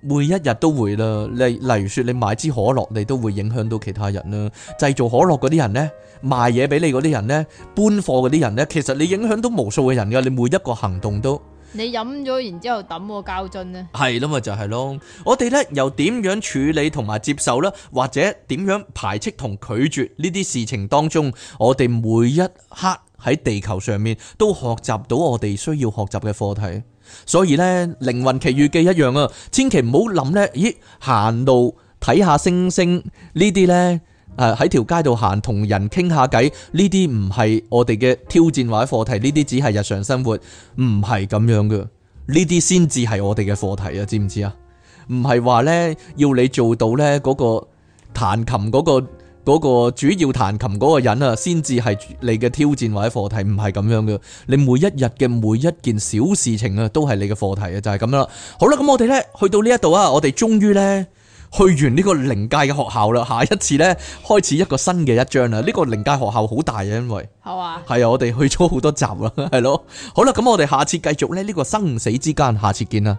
每一日都會啦。例例如說，你買支可樂，你都會影響到其他人啦。製造可樂嗰啲人呢，賣嘢俾你嗰啲人呢，搬貨嗰啲人呢，其實你影響到無數嘅人㗎。你每一個行動都。你飲咗，然之後抌個膠樽咧，係咯咪，就係咯。我哋呢，又點樣處理同埋接受呢？或者點樣排斥同拒絕呢啲事情當中，我哋每一刻喺地球上面都學習到我哋需要學習嘅課題。所以呢，靈魂奇遇記一樣啊，千祈唔好諗呢：咦，行路睇下星星呢啲呢。係喺條街度行，同人傾下偈，呢啲唔係我哋嘅挑戰或者課題，呢啲只係日常生活，唔係咁樣嘅。呢啲先至係我哋嘅課題啊，知唔知啊？唔係話呢，要你做到呢嗰個彈琴嗰、嗰個、嗰個主要彈琴嗰個人啊，先至係你嘅挑戰或者課題，唔係咁樣嘅，你每一日嘅每一件小事情啊，都係你嘅課題啊，就係咁樣啦。好啦，咁我哋呢，去到呢一度啊，我哋終於呢。去完呢個靈界嘅學校啦，下一次呢，開始一個新嘅一章啦。呢個靈界學校好大啊，因為係啊，我哋去咗好多集啦，係咯。好啦，咁我哋下次繼續呢，呢個生死之間，下次見啦。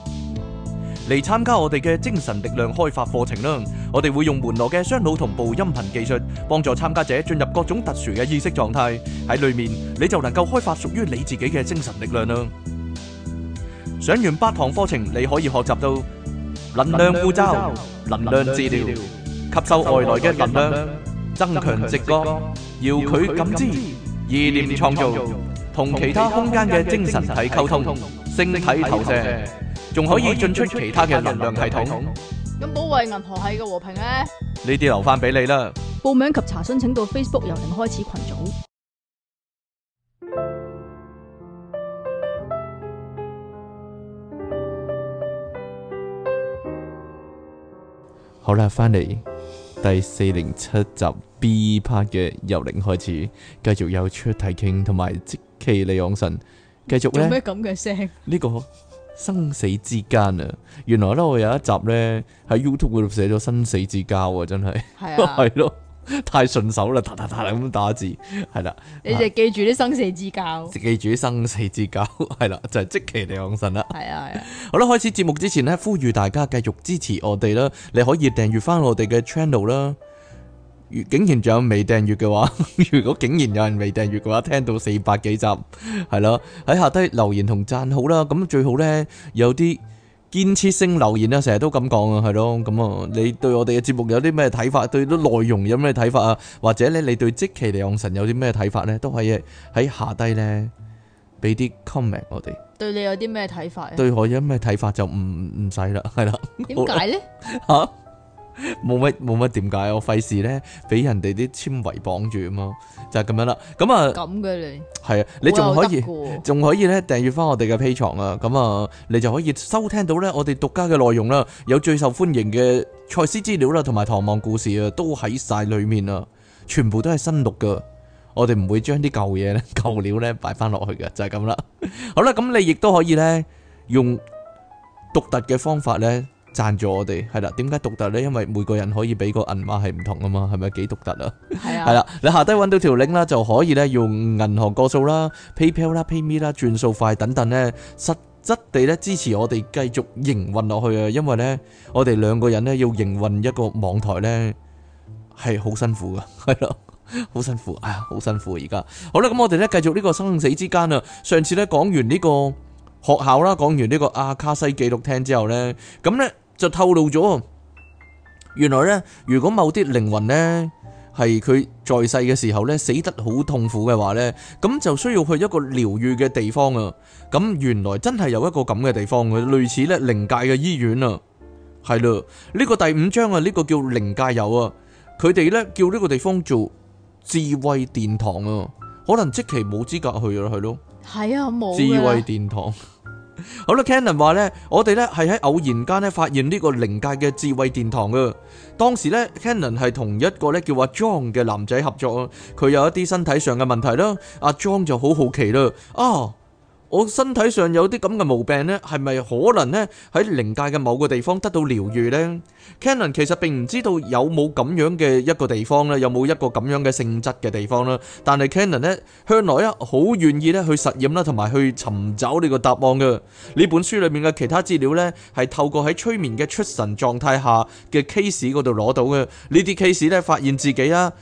嚟參加我哋嘅精神力量開發課程啦！我哋會用門羅嘅雙腦同步音頻技術，幫助參加者進入各種特殊嘅意識狀態。喺裏面你就能夠開發屬於你自己嘅精神力量啦！上完八堂課程，你可以學習到能量護罩、能量治療、吸收外來嘅能量、增強直覺、遙距感知、意念創造、同其他空間嘅精神體溝通、星體投射。仲可以進出其他嘅能量系統。咁保衛銀河系嘅和平咧？呢啲留翻俾你啦。報名及查詢請到 Facebook 由零開始群組。 <music> 好啦，翻嚟第四零七集 B part 嘅由零開始，繼續有出提傾同埋即奇李昂神，繼續咧。咩咁嘅聲？呢個。生死之間啊，原來咧我有一集咧喺 YouTube 嗰度寫咗生死之交啊，真係係啊，係咯，太順手啦，噠噠噠咁打字，係啦，你就記住啲生死之交，記住啲生死之交，係啦，就係即其地養神啦。係啊係啊，啊啊 <laughs> 好啦，開始節目之前咧，呼籲大家繼續支持我哋啦，你可以訂閱返我哋嘅 channel 啦。若竟然仲有未訂閱嘅話，如果竟然有人未訂閱嘅話，聽到四百幾集，係咯，喺下低留言同讚好啦。咁最好咧有啲建設性留言啦，成日都咁講啊，係咯。咁啊，你對我哋嘅節目有啲咩睇法？對啲內容有咩睇法啊？或者咧，你對即期利用神有啲咩睇法咧？都可以喺下低咧俾啲 comment 我哋。對你有啲咩睇法啊？對我有咩睇法就唔唔使啦，係啦。點解咧？吓？冇乜冇乜點解我費事咧？俾人哋啲纖維綁住啊嘛，就係、是、咁樣啦。咁啊，咁嘅你係啊，你仲可以仲可以咧訂閱翻我哋嘅 P 床啊。咁啊，你就可以收聽到咧我哋獨家嘅內容啦，有最受歡迎嘅賽事資料啦，同埋唐望故事啊，都喺晒裏面啊，全部都係新錄噶。我哋唔會將啲舊嘢、舊料咧擺翻落去嘅，就係咁啦。 <laughs> 好啦，咁你亦都可以咧用獨特嘅方法咧。贊助我哋係啦，點解獨特呢？因為每個人可以俾個銀碼係唔同噶嘛，係咪幾獨特啊？係啊，係啦，你下低搵到條 link 啦，就可以咧用銀行個數啦、PayPal 啦、PayMe 啦、轉數快等等呢，實質地咧支持我哋繼續營運落去啊！因為呢，我哋兩個人呢，要營運一個網台呢，係好辛苦噶，係咯，好辛苦，哎呀，好辛苦而家。好啦，咁我哋咧繼續呢個生死之間啊！上次咧講完呢個學校啦，講完呢個阿卡西記錄廳之後呢。咁咧。就透露咗，原來呢，如果某啲靈魂呢，係佢在世嘅時候呢，死得好痛苦嘅話呢，咁就需要去一個療愈嘅地方啊。咁原來真係有一個咁嘅地方嘅，類似呢靈界嘅醫院啊。係咯，呢個第五章啊，呢個叫靈界遊啊，佢哋呢，叫呢個地方做智慧殿堂啊。可能即期冇資格去啦，係咯。係啊，冇智慧殿堂。 <laughs> 好啦，Cannon 話咧，我哋咧係喺偶然間咧發現呢個靈界嘅智慧殿堂嘅。當時咧，Cannon 係同一個咧叫阿 John 嘅男仔合作啊。佢有一啲身體上嘅問題啦，阿、啊、John 就好好奇啦啊。我身體上有啲咁嘅毛病呢，係咪可能呢，喺靈界嘅某個地方得到療癒呢？Cannon 其實並唔知道有冇咁樣嘅一個地方咧，有冇一個咁樣嘅性質嘅地方啦。但係 Cannon 呢，向來啊好願意咧去實驗啦，同埋去尋找呢個答案嘅。呢本書裏面嘅其他資料呢，係透過喺催眠嘅出神狀態下嘅 case 嗰度攞到嘅。呢啲 case 咧發現自己啊～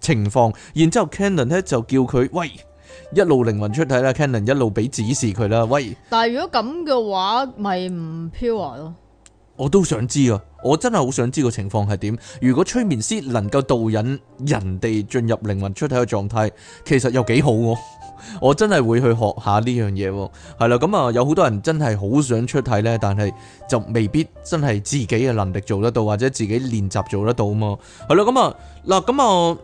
情況，然之後 Canon 咧就叫佢，喂一路靈魂出體啦 Canon 一路俾指示佢啦，喂。但係如果咁嘅話，咪唔 pure 咯。我都想知啊，我真係好想知個情況係點。如果催眠師能夠導引人哋進入靈魂出體嘅狀態，其實又幾好喎。我真係會去學下呢樣嘢喎。係啦，咁啊有好多人真係好想出體呢，但係就未必真係自己嘅能力做得到，或者自己練習做得到嘛。係啦，咁啊嗱，咁啊。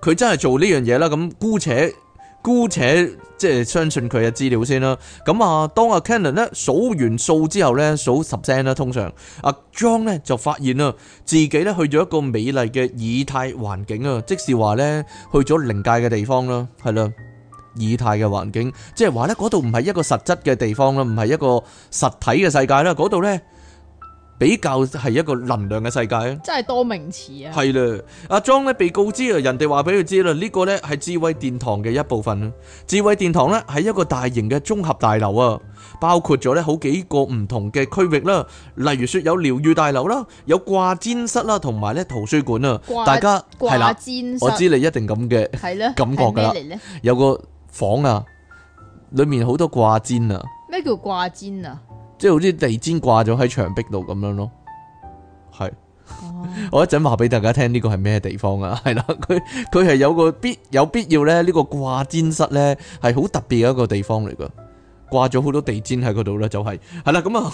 佢真係做呢樣嘢啦，咁姑且姑且即係相信佢嘅資料先啦。咁啊，當阿 Cannon 咧數完數之後咧，數十聲啦，通常阿 John 咧就發現啊自己咧去咗一個美麗嘅以太環境啊，即是話咧去咗靈界嘅地方啦，係啦，以太嘅環境，即係話咧嗰度唔係一個實質嘅地方啦，唔係一個實體嘅世界啦，嗰度咧，比較係一個能量嘅世界啊！真係多名詞啊！係啦，阿 John 咧被告知啊，人哋話俾佢知啦，呢個呢係智慧殿堂嘅一部分。智慧殿堂呢係一個大型嘅綜合大樓啊，包括咗呢好幾個唔同嘅區域啦，例如説有療癒大樓啦，有掛毯室啦，同埋呢圖書館啊。掛大家係啦，我知你一定咁嘅的 <laughs> 感覺㗎了啦。有個房啊，裡面好多掛毯啊。咩叫掛毯啊？即係好似地氈掛咗喺牆壁度咁樣咯，係，哦、 <laughs> 我一陣話俾大家聽呢個係咩地方啊？係啦，佢佢係有個必有必要咧，呢個掛氈室咧係好特別一個地方嚟噶，掛咗好多地氈喺嗰度咧，就係係啦咁啊，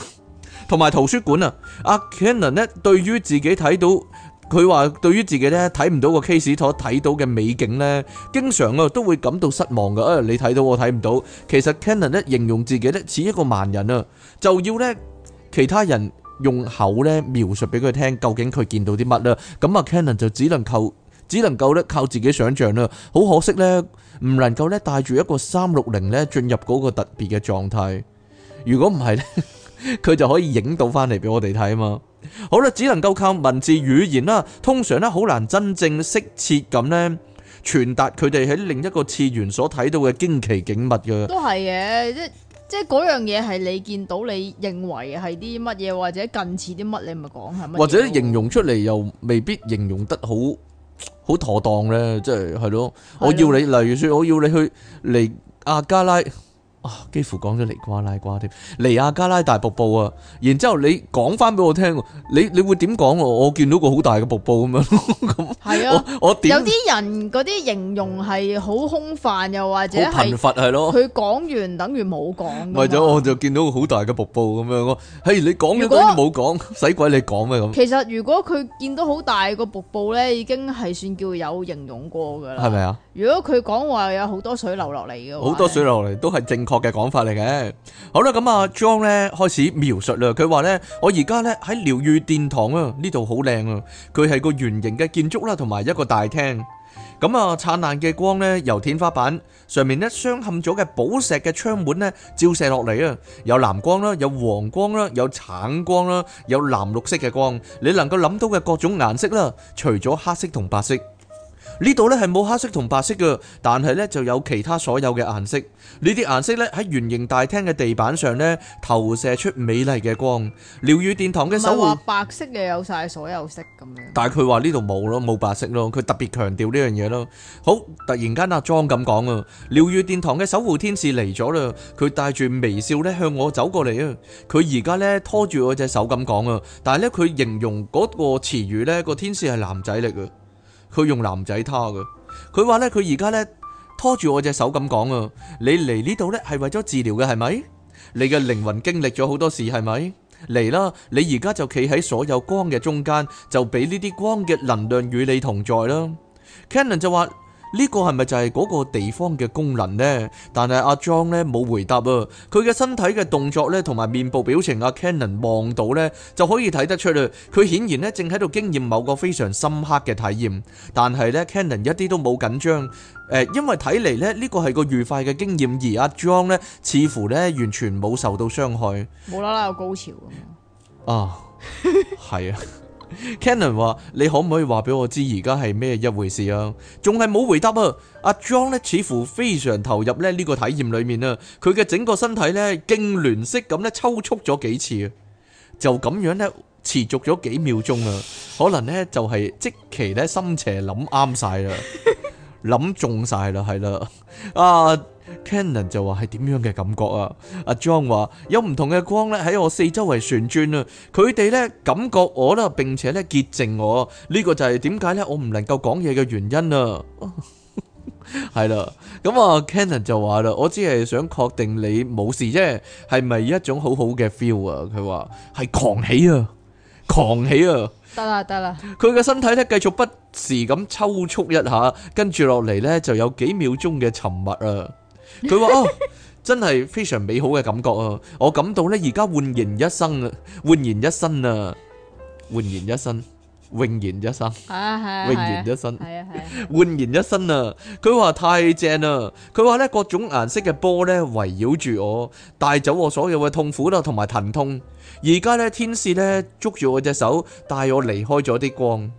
同埋圖書館啊，阿 Kennan 咧對於自己睇到，佢話對於自己咧睇唔到個 case 所睇到嘅美景咧，經常啊都會感到失望噶。誒、哎，你睇到我睇唔到，其實 Kennan 咧形容自己咧似一個盲人啊。就要咧，其他人用口咧描述俾佢聽究竟佢見到啲乜啦。咁啊，Canon 就只能夠靠，只能夠咧靠自己想象啦。好可惜咧，唔能夠咧帶住一個三六零咧進入嗰個特別嘅狀態。如果唔係咧，佢就可以影到翻嚟俾我哋睇啊嘛。好啦，只能夠靠文字語言啦，通常咧好難真正適切咁咧傳達佢哋喺另一個次元所睇到嘅驚奇景物嘅。都係嘅，即。即係嗰樣嘢係你見到，你認為係啲乜嘢或者近似啲乜，你咪講係乜，或者形容出嚟又未必形容得好好妥當咧，即係係咯。了我要你例如說，我要你去嚟阿加拉。幾乎講咗尼瓜拉瓜添，尼亞加拉大瀑布，大瀑布 <laughs> 樣啊！然之後你講翻俾我聽，你你會點講？我我見到個好大嘅瀑布咁樣咯。係啊，我點有啲人嗰啲形容係好空泛，又或者好貧乏係咯。佢講完等於冇講。為咗我就見到個好大嘅瀑布咁樣咯。嘿，你講咗等於冇講，使果鬼你講咩咁？其實如果佢見到好大個瀑布咧，已經係算叫有形容過噶啦。係咪啊？如果佢講話有好多水流落嚟嘅，好多水流落嚟都係正確嘅講法嚟嘅。好啦，咁啊，John 咧開始描述啦。佢話咧，我而家咧喺療癒殿堂啊，呢度好靚啊。佢係個圓形嘅建築啦，同埋一個大廳。咁啊，燦爛嘅光咧由天花板上面咧鑲嵌咗嘅寶石嘅窗門咧照射落嚟啊，有藍光啦，有黃光啦，有橙光啦，有藍綠色嘅光，你能夠諗到嘅各種顏色啦，除咗黑色同白色。呢度呢係冇黑色同白色嘅，但係呢就有其他所有嘅顏色。呢啲顏色呢，喺圓形大廳嘅地板上呢投射出美麗嘅光。療癒殿堂嘅守護唔係話白色嘅有晒所有色咁樣，但係佢話呢度冇咯，冇白色咯。佢特別強調呢樣嘢咯。好，突然間阿莊咁講啊，療癒殿堂嘅守護天使嚟咗啦，佢帶住微笑呢向我走過嚟啊。佢而家呢拖住我隻手咁講啊，但係呢，佢形容嗰個詞語，呢個天使係男仔嚟嘅。佢用男仔他嘅，佢話咧：佢而家咧拖住我隻手咁講啊，你嚟呢度咧係為咗治療嘅，係咪？你嘅靈魂經歷咗好多事，係咪？嚟啦，你而家就企喺所有光嘅中間，就俾呢啲光嘅能量與你同在啦。Ken 就話。呢個係咪就係嗰個地方嘅功能呢？但係阿莊呢冇回答啊！佢嘅身體嘅動作呢，同埋面部表情，阿、啊、Cannon 望到呢，就可以睇得出啦。佢顯然呢正喺度經驗某個非常深刻嘅體驗。但係呢 Cannon 一啲都冇緊張。誒、呃，因為睇嚟呢，呢、這個係個愉快嘅經驗，而阿、啊、莊呢，似乎呢完全冇受到傷害。冇啦啦有高潮啊！係 <laughs> 啊。Canon 話：你可唔可以話俾我知而家係咩一回事啊？仲係冇回答啊！阿 John 呢，似乎非常投入呢呢個體驗裏面啊！佢嘅整個身體呢，痙攣式咁呢抽搐咗幾次啊！就咁樣呢持續咗幾秒鐘啊！可能呢，就係、是、即期呢，心邪諗啱晒啦，諗 <laughs> 中晒啦，係啦啊！Canon 就話，係點樣嘅感覺啊？阿 John 話有唔同嘅光咧喺我四周圍旋轉啊。佢哋咧感覺我啦，並且咧潔淨我呢、這個就係點解咧？我唔能夠講嘢嘅原因啊。係 <laughs> 啦，咁啊，Canon 就話啦，我只係想確定你冇事啫，係咪一種好好嘅 feel 啊？佢話係狂喜啊，狂喜啊，得啦得啦。佢嘅身體咧繼續不時咁抽搐一下，跟住落嚟咧就有幾秒鐘嘅沉默啊。佢話哦，真係非常美好嘅感覺啊！我感到呢，而家煥然一生啊，煥然一新啊，煥然一新，永然一生，係係永然一生，係啊係啊，煥然一新啊！佢話太正啦！佢話呢，各種顏色嘅波呢，圍繞住我，帶走我所有嘅痛苦啦同埋疼痛。而家呢，天使呢，捉住我隻手，帶我離開咗啲光。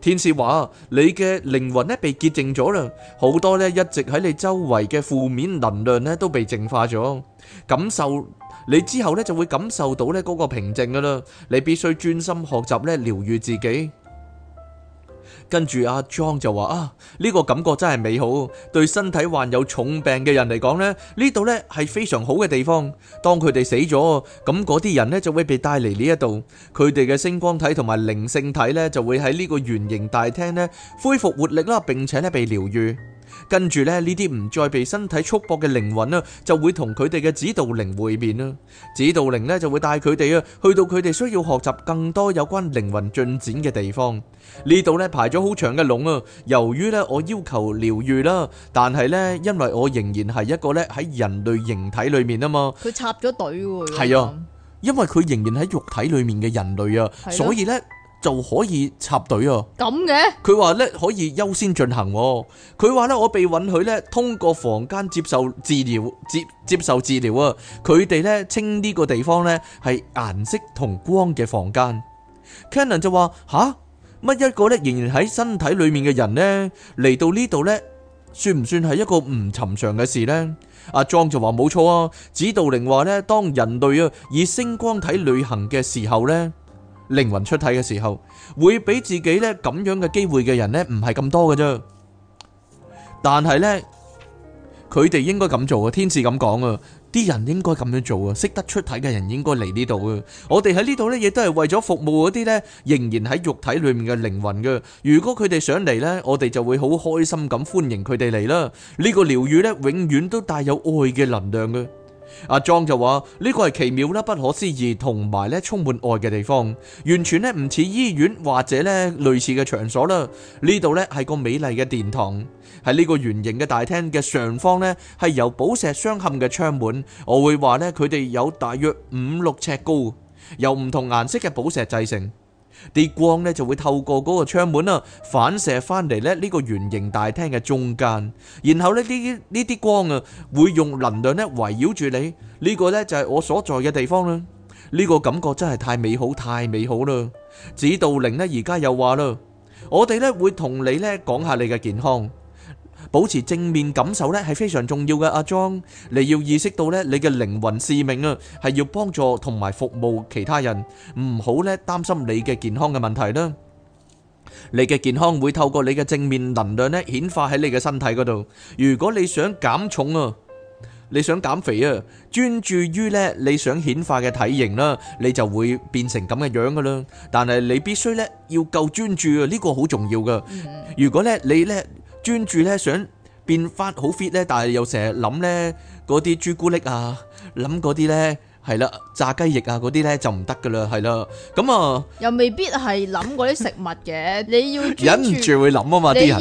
天使話，你嘅靈魂咧被潔淨咗啦，好多咧一直喺你周圍嘅負面能量咧都被淨化咗。感受，你之後咧就會感受到咧嗰個平靜㗎啦。你必須專心學習咧療愈自己。跟住阿莊就話啊，呢個感覺真係美好，對身體患有重病嘅人嚟講咧，呢度咧係非常好嘅地方。當佢哋死咗，咁嗰啲人咧就會被帶嚟呢一度，佢哋嘅星光體同埋靈性體咧就會喺呢個圓形大廳咧恢復活力啦，並且咧被療癒。跟住咧，呢啲唔再被身體束縛嘅靈魂啊，就會同佢哋嘅指導靈會面啦。指導靈咧就會帶佢哋啊去到佢哋需要學習更多有關靈魂進展嘅地方。呢度咧排咗好長嘅龍啊，由於咧我要求療癒啦，但係咧因為我仍然係一個咧喺人類形體裏面啊嘛，佢插咗隊喎。係啊，因為佢仍然喺肉體裏面嘅人類啊，所以咧。就可以插隊啊！咁嘅？佢話呢可以優先進行，啊。佢話呢，我被允許呢通過房間接受治療，接接受治療啊！佢哋呢稱呢個地方呢係顏色同光嘅房間。Canon 就話「吓乜一個呢仍然喺身體裏面嘅人呢？嚟到呢度呢，算唔算係一個唔尋常嘅事呢？」阿莊就話冇錯啊！指導靈話呢，當人類啊以星光體旅行嘅時候呢。靈魂出體嘅時候，會俾自己呢咁樣嘅機會嘅人呢，唔係咁多嘅啫。但係呢，佢哋應該咁做啊！天使咁講啊，啲人應該咁樣做啊！識得出體嘅人應該嚟呢度啊！我哋喺呢度呢，亦都係為咗服務嗰啲呢仍然喺肉體裏面嘅靈魂嘅。如果佢哋想嚟呢，我哋就會好開心咁歡迎佢哋嚟啦。呢個療癒呢，永遠都帶有愛嘅能量嘅。阿莊就話呢個係奇妙啦、不可思議同埋咧充滿愛嘅地方，完全咧唔似醫院或者咧類似嘅場所啦。呢度咧係個美麗嘅殿堂，喺呢個圓形嘅大廳嘅上方咧係由寶石鑲嵌嘅窗門，我會話咧佢哋有大約五六尺高，由唔同顏色嘅寶石製成。啲光咧就會透過嗰個窗門啊，反射翻嚟咧呢個圓形大廳嘅中間，然後咧呢呢啲光啊會用能量咧圍繞住你，呢個咧就係我所在嘅地方啦。呢個感覺真係太美好，太美好啦！指導靈呢而家又話啦，我哋咧會同你咧講下你嘅健康。保持正面感受咧，係非常重要嘅。阿莊，你要意識到咧，你嘅靈魂使命啊，係要幫助同埋服務其他人。唔好咧擔心你嘅健康嘅問題啦。你嘅健康會透過你嘅正面能量咧顯化喺你嘅身體嗰度。如果你想減重啊，你想減肥啊，專注於咧你想顯化嘅體型啦，你就會變成咁嘅樣噶啦。但係你必須咧要夠專注啊，呢個好重要噶。如果咧你咧，專注咧，想變翻好 fit 咧，但係又成日諗咧嗰啲朱古力啊，諗嗰啲咧係啦，炸雞翼啊嗰啲咧就唔得噶啦，係啦，咁啊，又未必係諗嗰啲食物嘅，你要忍唔住會諗啊嘛，你要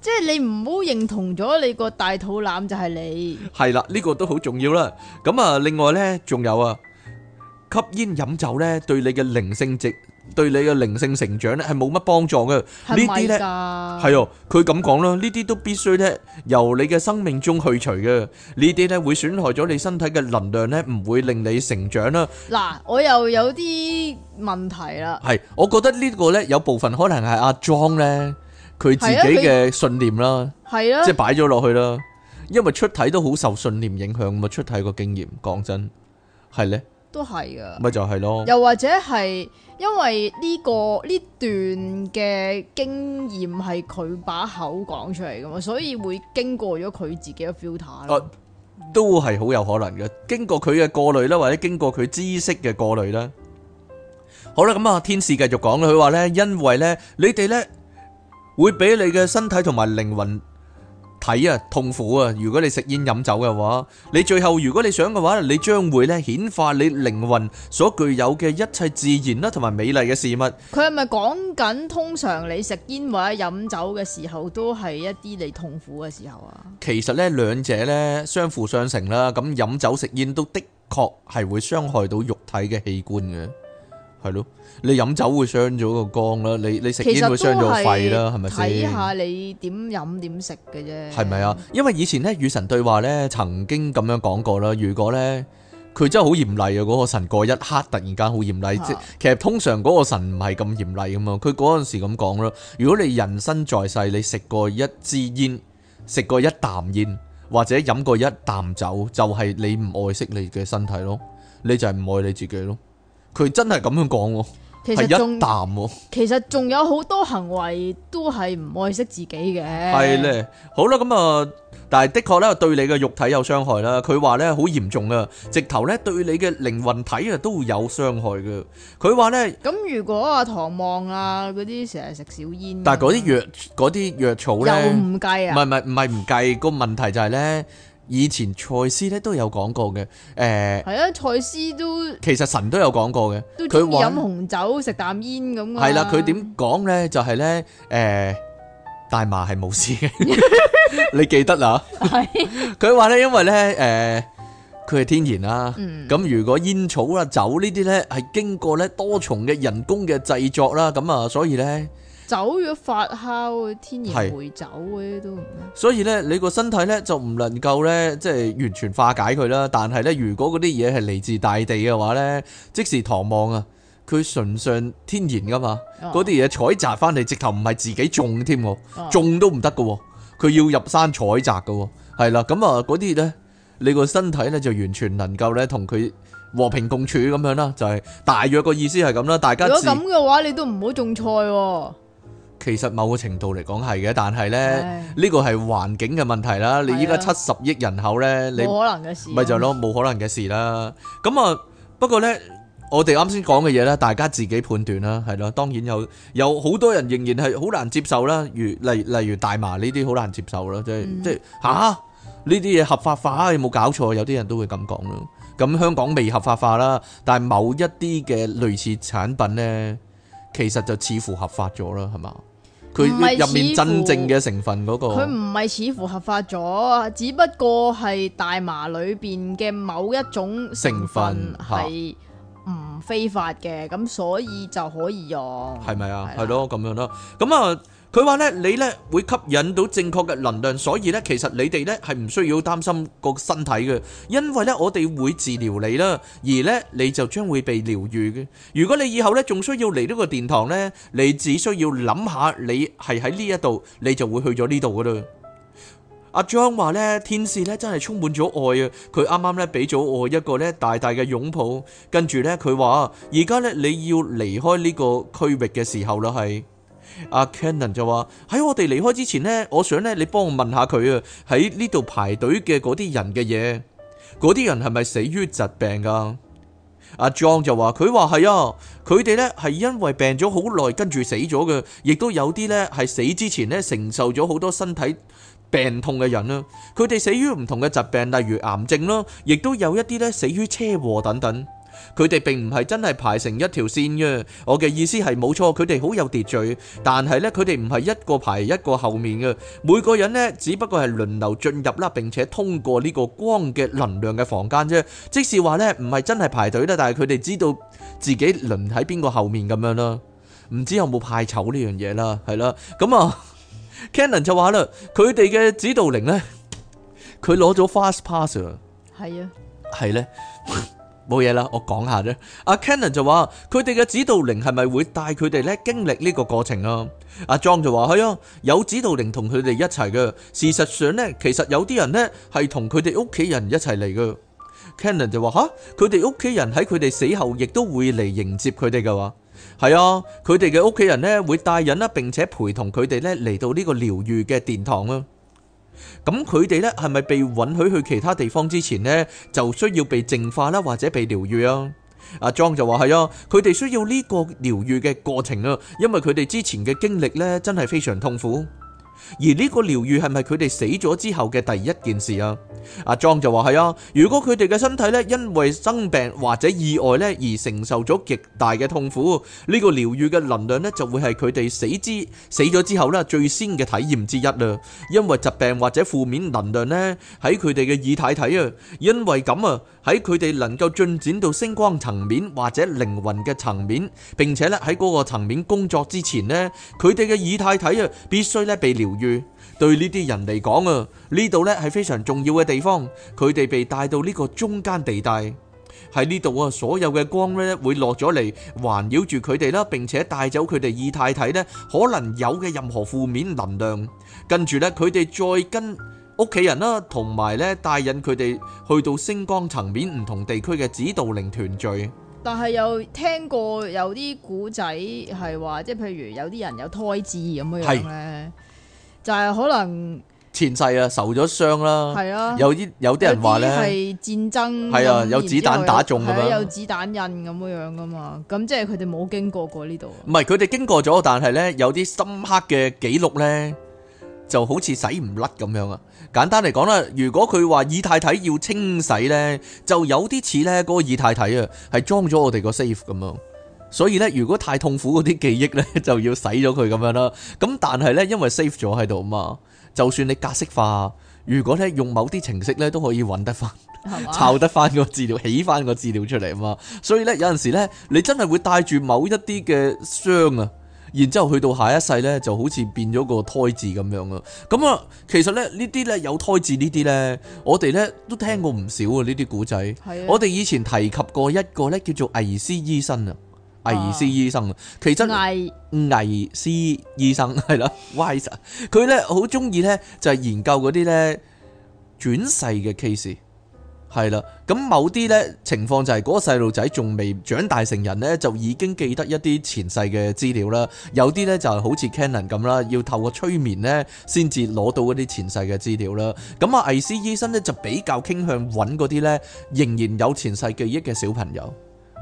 即係你唔好認同咗你個大肚腩就係你，係啦，呢個都好重要啦。咁啊，另外咧仲有啊，吸煙飲酒咧對你嘅靈性值。對你嘅靈性成長咧係冇乜幫助嘅，呢啲咧係哦，佢咁講啦，呢啲都必須咧由你嘅生命中去除嘅，呢啲咧會損害咗你身體嘅能量咧，唔會令你成長啦。嗱，我又有啲問題啦。係，我覺得呢個咧有部分可能係阿莊咧佢自己嘅信念啦，係啦，即係擺咗落去啦，因為出體都好受信念影響，嘛出體個經驗，講真係咧。都係噶，咪就係咯。又或者係因為呢、呢個呢段嘅經驗係佢把口講出嚟噶嘛，所以會經過咗佢自己嘅 filter。啊、都係好有可能嘅，經過佢嘅過濾啦，或者經過佢知識嘅過濾啦。好啦，咁啊，天使繼續講啦，佢話呢，因為呢，你哋呢，會俾你嘅身體同埋靈魂。睇啊，痛苦啊！如果你食煙飲酒嘅話，你最後如果你想嘅話，你將會咧顯化你靈魂所具有嘅一切自然啦，同埋美麗嘅事物。佢係咪講緊通常你食煙或者飲酒嘅時候，都係一啲你痛苦嘅時候啊？其實呢兩者呢，相輔相成啦。咁飲酒食煙都的確係會傷害到肉體嘅器官嘅。係咯，你飲酒會傷咗個肝啦，你你食煙會傷咗肺啦，係咪先？睇下你點飲點食嘅啫。係咪啊？因為以前咧與神對話咧，曾經咁樣講過啦。如果咧佢真係好嚴厲啊，嗰、嗰個神過、嗰個、一刻突然間好嚴厲。的即其實通常嗰個神唔係咁嚴厲㗎嘛。佢嗰陣時咁講咯，如果你人生在世，你食過一支煙、食過一啖煙，或者飲過一啖酒，就係、是、你唔愛惜你嘅身體咯，你就係唔愛你自己咯。佢真係咁樣講喎，係一啖喎。其實仲有好多行為都係唔愛惜自己嘅。係咧，好啦，咁啊，但係的確咧對你嘅肉體有傷害啦。佢話咧好嚴重啊，直頭咧對你嘅靈魂體啊都會有傷害嘅。佢話咧，咁如果阿唐望啊嗰啲成日食小煙、啊，但係嗰啲藥嗰啲藥草咧又唔計啊。唔係唔係唔係唔計，個問題就係、是、咧。以前賽斯咧都有講過嘅，誒、呃，係啊，賽斯都其實神都有講過嘅，佢話飲紅酒食啖說煙咁啊。係啦，佢點講咧？就係、是、咧，誒、呃，大麻係冇事嘅， <laughs> <laughs> 你記得啦。係 <laughs> 是，佢話咧，因為咧，誒、呃，佢係天然啦、啊。咁、嗯、如果煙草啦、啊、酒呢啲咧係經過咧多重嘅人工嘅製作啦，咁啊，所以咧。走咗發酵，天然梅酒啲是都唔。所以咧，你個身體咧就唔能夠咧，即係完全化解佢啦。但係咧，如果嗰啲嘢係嚟自大地嘅話咧，即時唐望啊，佢純上天然噶嘛，嗰啲嘢採摘翻嚟，直頭唔係自己種添，我種都唔得噶，佢要入山採摘噶，係啦。咁啊，嗰啲咧，你個身體咧就完全能夠咧同佢和平共處咁樣啦，就係、是、大約個意思係咁啦。大家如果咁嘅話，你都唔好種菜、啊。其實某個程度嚟講係嘅，但係咧呢個係的環境嘅問題啦。的你依家七十億人口呢，的你冇可能嘅事、啊，咪就係咯，冇可能嘅事啦。咁啊，不過呢，我哋啱先講嘅嘢呢，大家自己判斷啦，係咯。當然有有好多人仍然係好難接受啦，如例例如大麻呢啲好難接受啦，即係、嗯、即係吓，呢啲嘢合法化，你冇搞錯？有啲人都會咁講咯。咁香港未合法化啦，但係某一啲嘅類似產品呢，其實就似乎合法咗啦，係嘛？佢入面真正嘅成分嗰個，佢唔係似乎合法咗，只不過係大麻裏邊嘅某一種成分係唔非法嘅，咁所以就可以用，係咪啊？係咯的，咁樣咯，咁啊。佢話咧，你咧會吸引到正確嘅能量，所以咧，其實你哋咧係唔需要擔心個身體嘅，因為咧我哋會治療你啦，而咧你就將會被療癒嘅。如果你以後咧仲需要嚟呢個殿堂咧，你只需要諗下你係喺呢一度，你就會去咗呢度㗎喇。阿張話咧，天使咧真係充滿咗愛啊！佢啱啱咧俾咗我一個咧大大嘅擁抱，跟住咧佢話：而家咧你要離開呢個區域嘅時候啦，係。阿 Kennan 就話喺我哋離開之前呢，我想咧你幫我問下佢啊，喺呢度排隊嘅嗰啲人嘅嘢，嗰啲人係咪死於疾病噶？阿 John 就話佢話係啊，佢哋呢係因為病咗好耐，跟住死咗嘅，亦都有啲呢係死之前呢承受咗好多身體病痛嘅人啊。佢哋死於唔同嘅疾病，例如癌症啦，亦都有一啲呢死於車禍等等。佢哋並唔係真係排成一條線嘅，我嘅意思係冇錯，佢哋好有秩序，但係呢，佢哋唔係一個排一個後面嘅，每個人呢，只不過係輪流進入啦，並且通過呢個光嘅能量嘅房間啫。即使話呢，唔係真係排隊啦，但係佢哋知道自己輪喺邊個後面咁樣啦。唔知有冇派籌呢樣嘢、啊、啦，係啦，咁啊，Cannon 就話啦，佢哋嘅指導靈呢，佢攞咗 fast pass 啊，係啊的，係呢是的。 <laughs> 冇嘢啦，我講下啫。阿 Kennan 就話：佢哋嘅指導靈係咪會帶佢哋咧經歷呢個過程啊？阿莊就話：係啊，有指導靈同佢哋一齊嘅。事實上咧，其實有啲人咧係同佢哋屋企人一齊嚟嘅。Kennan 就話：吓、啊，佢哋屋企人喺佢哋死後亦都會嚟迎接佢哋嘅喎。係啊，佢哋嘅屋企人咧會帶人啦，並且陪同佢哋咧嚟到呢個療癒嘅殿堂啊。咁佢哋呢係咪被允許去其他地方之前呢，就需要被淨化啦，或者被療癒啊？阿莊就話係啊，佢哋需要呢個療癒嘅過程啊，因為佢哋之前嘅經歷呢，真係非常痛苦。而呢個療愈係咪佢哋死咗之後嘅第一件事啊？阿莊就話係啊，如果佢哋嘅身體呢，因為生病或者意外呢，而承受咗極大嘅痛苦，呢個療愈嘅能量呢，就會係佢哋死之死咗之後呢最先嘅體驗之一啦。因為疾病或者負面能量呢，喺佢哋嘅以太體啊，因為咁啊，喺佢哋能夠進展到星光層面或者靈魂嘅層面，並且呢喺嗰個層面工作之前呢，佢哋嘅以太體啊必須呢被。療癒對呢啲人嚟講啊，呢度咧係非常重要嘅地方。佢哋被帶到呢個中間地帶，喺呢度啊，所有嘅光咧會落咗嚟環繞住佢哋啦，並且帶走佢哋意態體咧可能有嘅任何負面能量。跟住咧，佢哋再跟屋企人啦，同埋咧帶引佢哋去到星光層面唔同地區嘅指導靈團聚。但係又聽過有啲古仔係話，即係譬如有啲人有胎痣咁樣樣咧。就係可能前世啊，受咗傷啦，係啊，有啲有啲人話咧係戰爭，係啊，有子彈打中咁樣，係啊，有子彈印咁樣樣噶嘛，咁即係佢哋冇經過過呢度。唔係佢哋經過咗，但係咧有啲深刻嘅記錄咧，就好似洗唔甩咁樣啊。簡單嚟講啦，如果佢話以太體要清洗咧，就有啲似咧嗰個以太體啊，係裝咗我哋個 save 咁樣。所以咧，如果太痛苦嗰啲記憶咧，就要洗咗佢咁樣啦。咁但係咧，因為 save 咗喺度啊嘛，就算你格式化，如果咧用某啲程式咧，都可以揾得翻、抄吧得翻個資料、起翻個資料出嚟啊嘛。所以咧，有陣時咧，你真係會帶住某一啲嘅傷啊，然之後去到下一世咧，就好似變咗個胎字咁樣咯。咁啊，其實咧呢啲咧有胎字呢啲咧，我哋咧都聽過唔少啊呢啲古仔。的我哋以前提及過一個咧叫做魏斯醫生啊。倪師醫生啊，其實倪倪師醫生係啦，Wiser 佢咧好中意咧就係、是、研究嗰啲咧轉世嘅 case，係啦，咁、嗯、某啲咧情況就係、是、嗰、那個細路仔仲未長大成人咧就已經記得一啲前世嘅資料啦，有啲咧就係好似 Cannon 咁啦，要透過催眠咧先至攞到嗰啲前世嘅資料啦，咁啊倪師醫生咧就比較傾向揾嗰啲咧仍然有前世記憶嘅小朋友。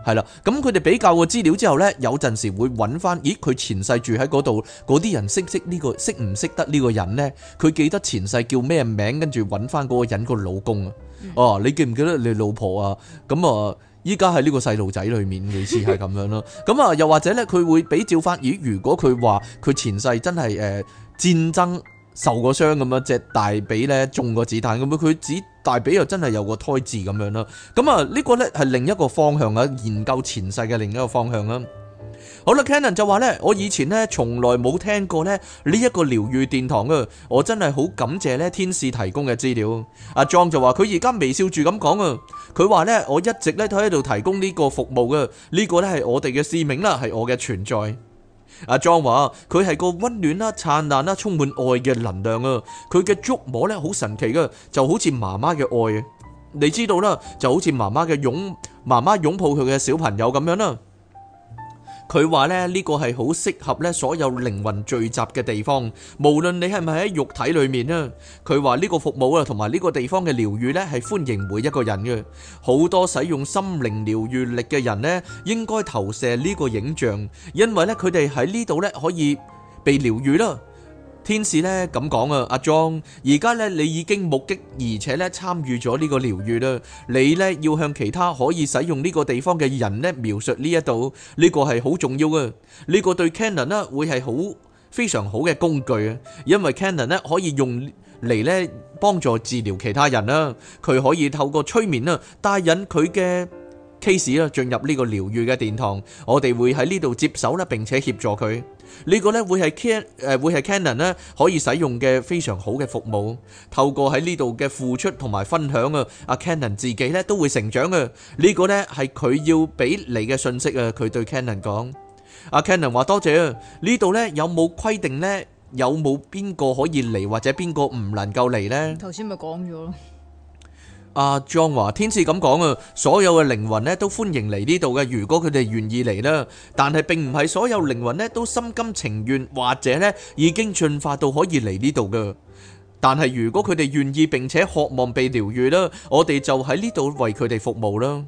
係啦，咁佢哋比較過資料之後呢，有陣時會揾翻，咦？佢前世住喺嗰度，嗰啲人識唔識呢個？識唔識得呢個人呢？佢記得前世叫咩名？跟住揾翻嗰個人個老公啊！哦，你記唔記得你老婆啊？咁啊，依家喺呢個細路仔裏面，類似係咁樣咯。咁啊，又或者呢，佢會比照翻，咦？如果佢話佢前世真係誒、呃、戰爭受過傷咁樣，隻大髀呢，中過子彈咁樣，佢隻大髀又真係有個胎字咁樣咯，咁啊呢個呢係另一個方向啊，研究前世嘅另一個方向啊。好啦 Cannon 就話呢：「我以前呢，從來冇聽過呢呢一個療癒殿堂啊，我真係好感謝呢天使提供嘅資料。」阿 John 就話佢而家微笑住咁講啊，佢話呢，「我一直呢都喺度提供呢個服務嘅，呢個呢，係我哋嘅使命啦，係我嘅存在。阿莊話：佢係個溫暖啦、燦爛啦、充滿愛嘅能量啊！佢嘅觸摸咧好神奇噶就好似媽媽嘅愛啊！你知道啦，就好似媽媽嘅擁，媽媽擁抱佢嘅小朋友咁樣啦。佢話咧呢個係好適合咧所有靈魂聚集嘅地方，無論你係咪喺肉體裏面啊。佢話呢個服務啊同埋呢個地方嘅療愈咧係歡迎每一個人嘅。好多使用心靈療愈力嘅人咧應該投射呢個影像，因為咧佢哋喺呢度咧可以被療愈啦。天使咧咁講啊，阿莊，而家咧你已經目擊而且咧參與咗呢個療愈啦，你咧要向其他可以使用呢個地方嘅人咧描述呢一度，呢個係好重要嘅，呢個對 Cannon 呢會係好非常好嘅工具啊，因為 Cannon 咧可以用嚟咧幫助治療其他人啦，佢可以透過催眠啦帶引佢嘅 case 啊進入呢個療愈嘅殿堂，我哋會喺呢度接手啦並且協助佢。呢個咧會係 Can 誒會係 Canon 咧可以使用嘅非常好嘅服務。透過喺呢度嘅付出同埋分享啊，阿 Canon 自己咧都會成長嘅。呢個咧係佢要俾你嘅信息啊。佢對 Canon 講，阿 Canon 話多謝啊。呢度咧有冇規定呢？有冇邊個可以嚟或者邊個唔能夠嚟呢？頭先咪講咗。阿 j o 天使咁講啊，所有嘅靈魂咧都歡迎嚟呢度嘅，如果佢哋願意嚟啦。但係並唔係所有靈魂咧都心甘情願，或者咧已經進化到可以嚟呢度噶。但係如果佢哋願意並且渴望被療愈啦，我哋就喺呢度為佢哋服務啦。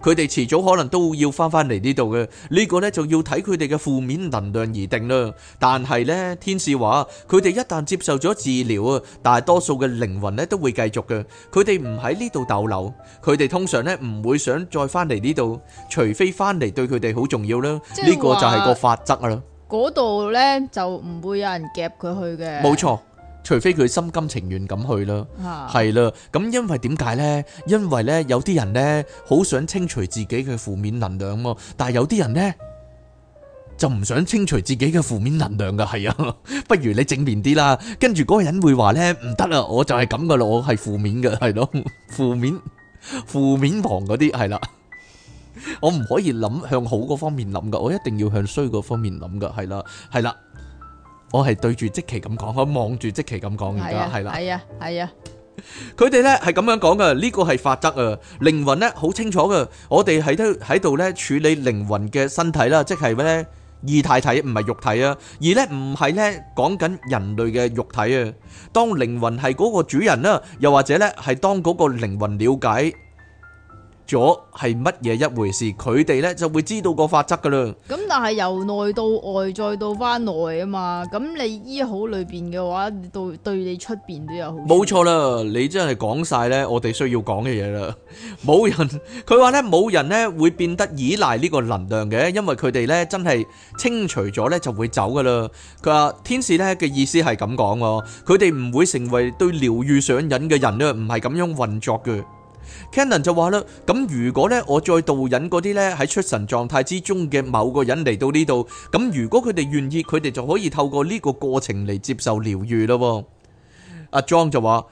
佢哋遲早可能都要翻返嚟呢度嘅，呢個咧就要睇佢哋嘅負面能量而定啦。但係咧，天使話佢哋一旦接受咗治療啊，大多數嘅靈魂咧都會繼續嘅，佢哋唔喺呢度逗留，佢哋通常咧唔會想再翻嚟呢度，除非翻嚟對佢哋好重要啦。呢個就係個法則啦。嗰度咧就唔會有人夾佢去嘅。冇錯。除非佢心甘情願咁去咯，係啦。咁因為點解咧？因為咧有啲人咧好想清除自己嘅負面能量啊，但係有啲人咧就唔想清除自己嘅負面能量噶。係啊，不如你正面啲啦。跟住嗰個人會話咧唔得啊，我就係咁噶啦，我係負面嘅，係咯，負面負面行嗰啲係啦，我唔可以諗向好嗰方面諗噶，我一定要向衰嗰方面諗噶，係啦，係啦。我係對住即其咁講，我望住即其咁講而家係啦，係啊，係啊，佢哋咧係咁樣講噶，呢個係法則啊，靈魂咧好清楚噶，我哋喺度喺度咧處理靈魂嘅身體啦，即係咩咧乙太體，唔係肉體啊，而咧唔係咧講緊人類嘅肉體啊，當靈魂係嗰個主人啦，又或者咧係當嗰個靈魂了解咗係乜嘢一回事？佢哋咧就會知道個法則噶啦。咁但係由內到外再到翻內啊嘛。咁你醫好裏邊嘅話，到對你出邊都有好。冇錯啦，你真係講晒咧，我哋需要講嘅嘢啦。冇人，佢話咧冇人咧會變得依賴呢個能量嘅，因為佢哋咧真係清除咗咧就會走噶啦。佢話天使咧嘅意思係咁講，佢哋唔會成為對療癒上癮嘅人咧，唔係咁樣運作嘅。Cannon 就話啦，咁如果咧我再導引嗰啲咧喺出神狀態之中嘅某個人嚟到呢度，咁如果佢哋願意，佢哋就可以透過呢個過程嚟接受療癒咯。」阿 John 就話。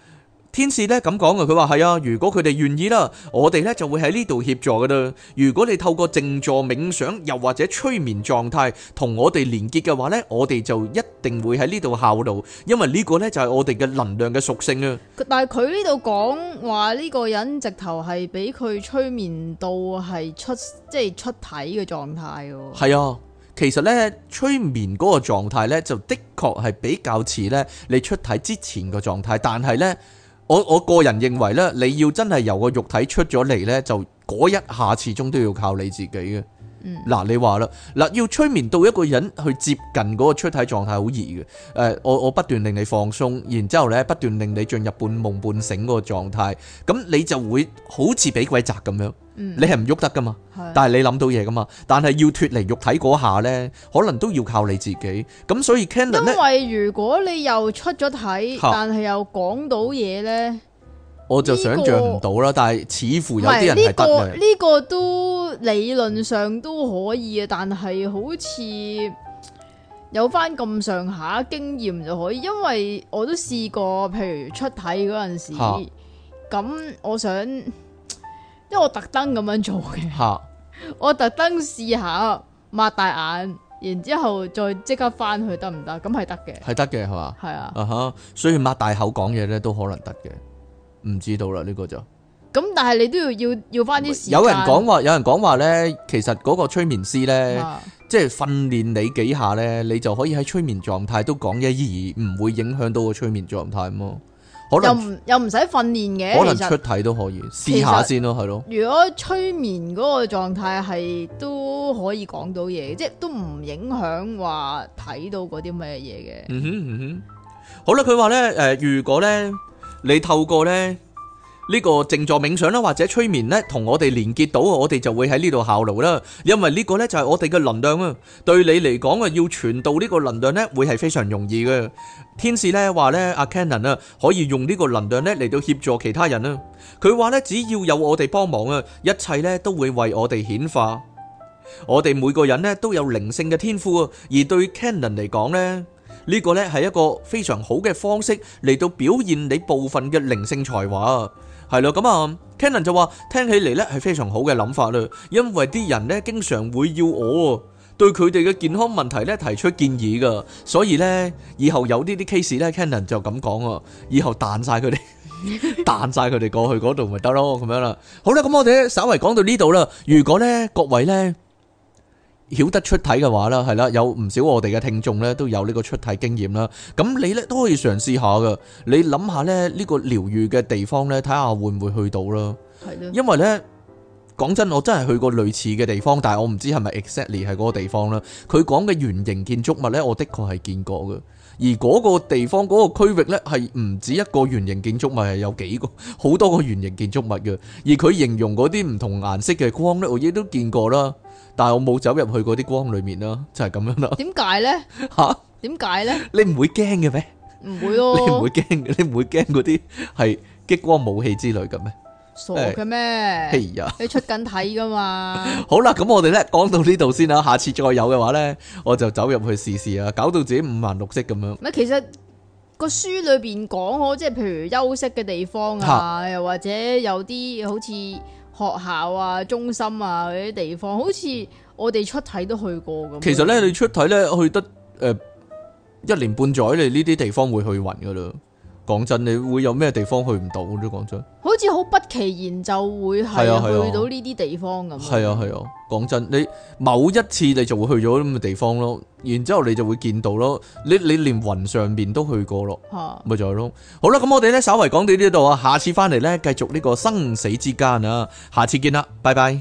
天使咧咁講啊，佢話係啊，如果佢哋願意啦，我哋咧就會喺呢度協助㗎喇。如果你透過靜坐冥想，又或者催眠狀態同我哋連結嘅話咧，我哋就一定會喺呢度效勞，因為呢個咧就係我哋嘅能量嘅屬性啊。但係佢呢度講話呢個人直頭係俾佢催眠到係出即係、就是、出體嘅狀態喎。係啊，其實咧催眠嗰個狀態咧就的確係比較似咧你出體之前嘅狀態，但係咧。我我個人認為咧，你要真係由個肉體出咗嚟咧，就嗰一下始終都要靠你自己嘅。嗱，嗯、你話啦，嗱，要催眠到一個人去接近嗰個出體狀態好易嘅，誒、呃，我我不斷令你放鬆，然之後咧不斷令你進入半夢半醒嗰個狀態，咁你就會好似俾鬼閘咁樣，嗯、你係唔喐得噶嘛，但係你諗到嘢噶嘛，但係要脫離肉體嗰下呢，可能都要靠你自己，咁所以 Cannon 咧，因為如果你又出咗體，的但係又講到嘢呢。我就想象唔到啦，這個 但係似乎有啲人係得呢個都理論上都可以嘅，但係好似有翻咁上下經驗就可以，因為我都試過，譬如出體嗰陣時，咁哈我想，因為我特登咁樣做嘅，哈我特登試下擘大眼，然之後再即刻翻去得唔得？咁係得嘅，係得嘅，係嘛？係啊，啊哈、uh，所以擘大口講嘢咧都可能得嘅。唔知道啦，呢、這個就咁，但係你都要要要翻啲時間。有人講話，有人講話呢，其實嗰個催眠師呢，啊、即係訓練你幾下呢，你就可以喺催眠狀態都講嘢，而唔會影響到個催眠狀態麼？可能又唔使訓練嘅，可能出體都可以試實下先咯，係咯。如果催眠嗰個狀態係都可以講到嘢，即係都唔影響話睇到嗰啲咩嘢嘅。哼、嗯、哼，好啦，佢話呢，誒、呃，如果呢。你透過咧呢個靜坐冥想啦，或者催眠咧，同我哋連結到，我哋就會喺呢度效勞啦。因為呢個呢，就係我哋嘅能量啊。對你嚟講啊，要傳導呢個能量咧，會係非常容易嘅。天使呢話咧，阿 Canon 啊，可以用呢個能量咧嚟到協助其他人啊。佢話咧，只要有我哋幫忙啊，一切咧都會為我哋顯化。我哋每個人咧都有靈性嘅天賦啊，而對 Canon 嚟講咧。呢個呢係一個非常好嘅方式嚟到表現你部分嘅靈性才華啊，係啦，咁啊，Cannon 就話聽起嚟呢係非常好嘅諗法啦，因為啲人呢經常會要我對佢哋嘅健康問題呢提出建議噶，所以呢，以後有呢啲 case 呢，Cannon 就咁講啊，以後彈晒佢哋，彈晒佢哋過去嗰度咪得咯，咁樣啦。好啦，咁我哋稍微講到呢度啦。如果呢各位呢……曉得出體嘅話啦，係啦，有唔少我哋嘅聽眾呢，都有呢個出體經驗啦。咁你呢都可以嘗試下噶。你諗下咧，呢個療愈嘅地方呢，睇下會唔會去到啦。因為呢，講真，我真係去過類似嘅地方，但係我唔知係咪 Exactly 係嗰個地方啦。佢講嘅圓形建築物呢，我的確係見過嘅。而嗰個地方嗰個區域呢係唔止一個圓形建築物，係有幾個好多個圓形建築物嘅。而佢形容嗰啲唔同顏色嘅光呢，我亦都見過啦。但係我冇走入去嗰啲光裡面啦，就係咁樣啦。點解呢？嚇？點解呢？你唔會驚嘅咩？唔會咯。你唔會驚？你唔會驚嗰啲係激光武器之類嘅咩？傻嘅咩？哎、呀， <laughs> 你出緊睇噶嘛？ <laughs> 好啦，咁我哋咧講到呢度先啦，下次再有嘅話呢，我就走入去試試啊，搞到自己五顏六色咁樣。唔係，其實個書裏邊講，即係譬如休息嘅地方啊，又或者有啲好似學校啊、中心啊嗰啲地方，好似我哋出體都去過咁。其實呢，你出體呢，去得誒、呃、一年半載，你呢啲地方會去匀噶啦。講真，你會有咩地方去唔到咧？講真，好似好不其然就會係去到呢啲地方咁。係啊係啊，講、啊啊啊、真，你某一次你就會去咗咁嘅地方咯，然之後你就會見到咯，你你連雲上面都去過咯，咪、啊、就係咯。好啦，咁我哋咧，稍微講到呢度啊，下次翻嚟咧，繼續呢個生死之間啊，下次見啦，拜拜。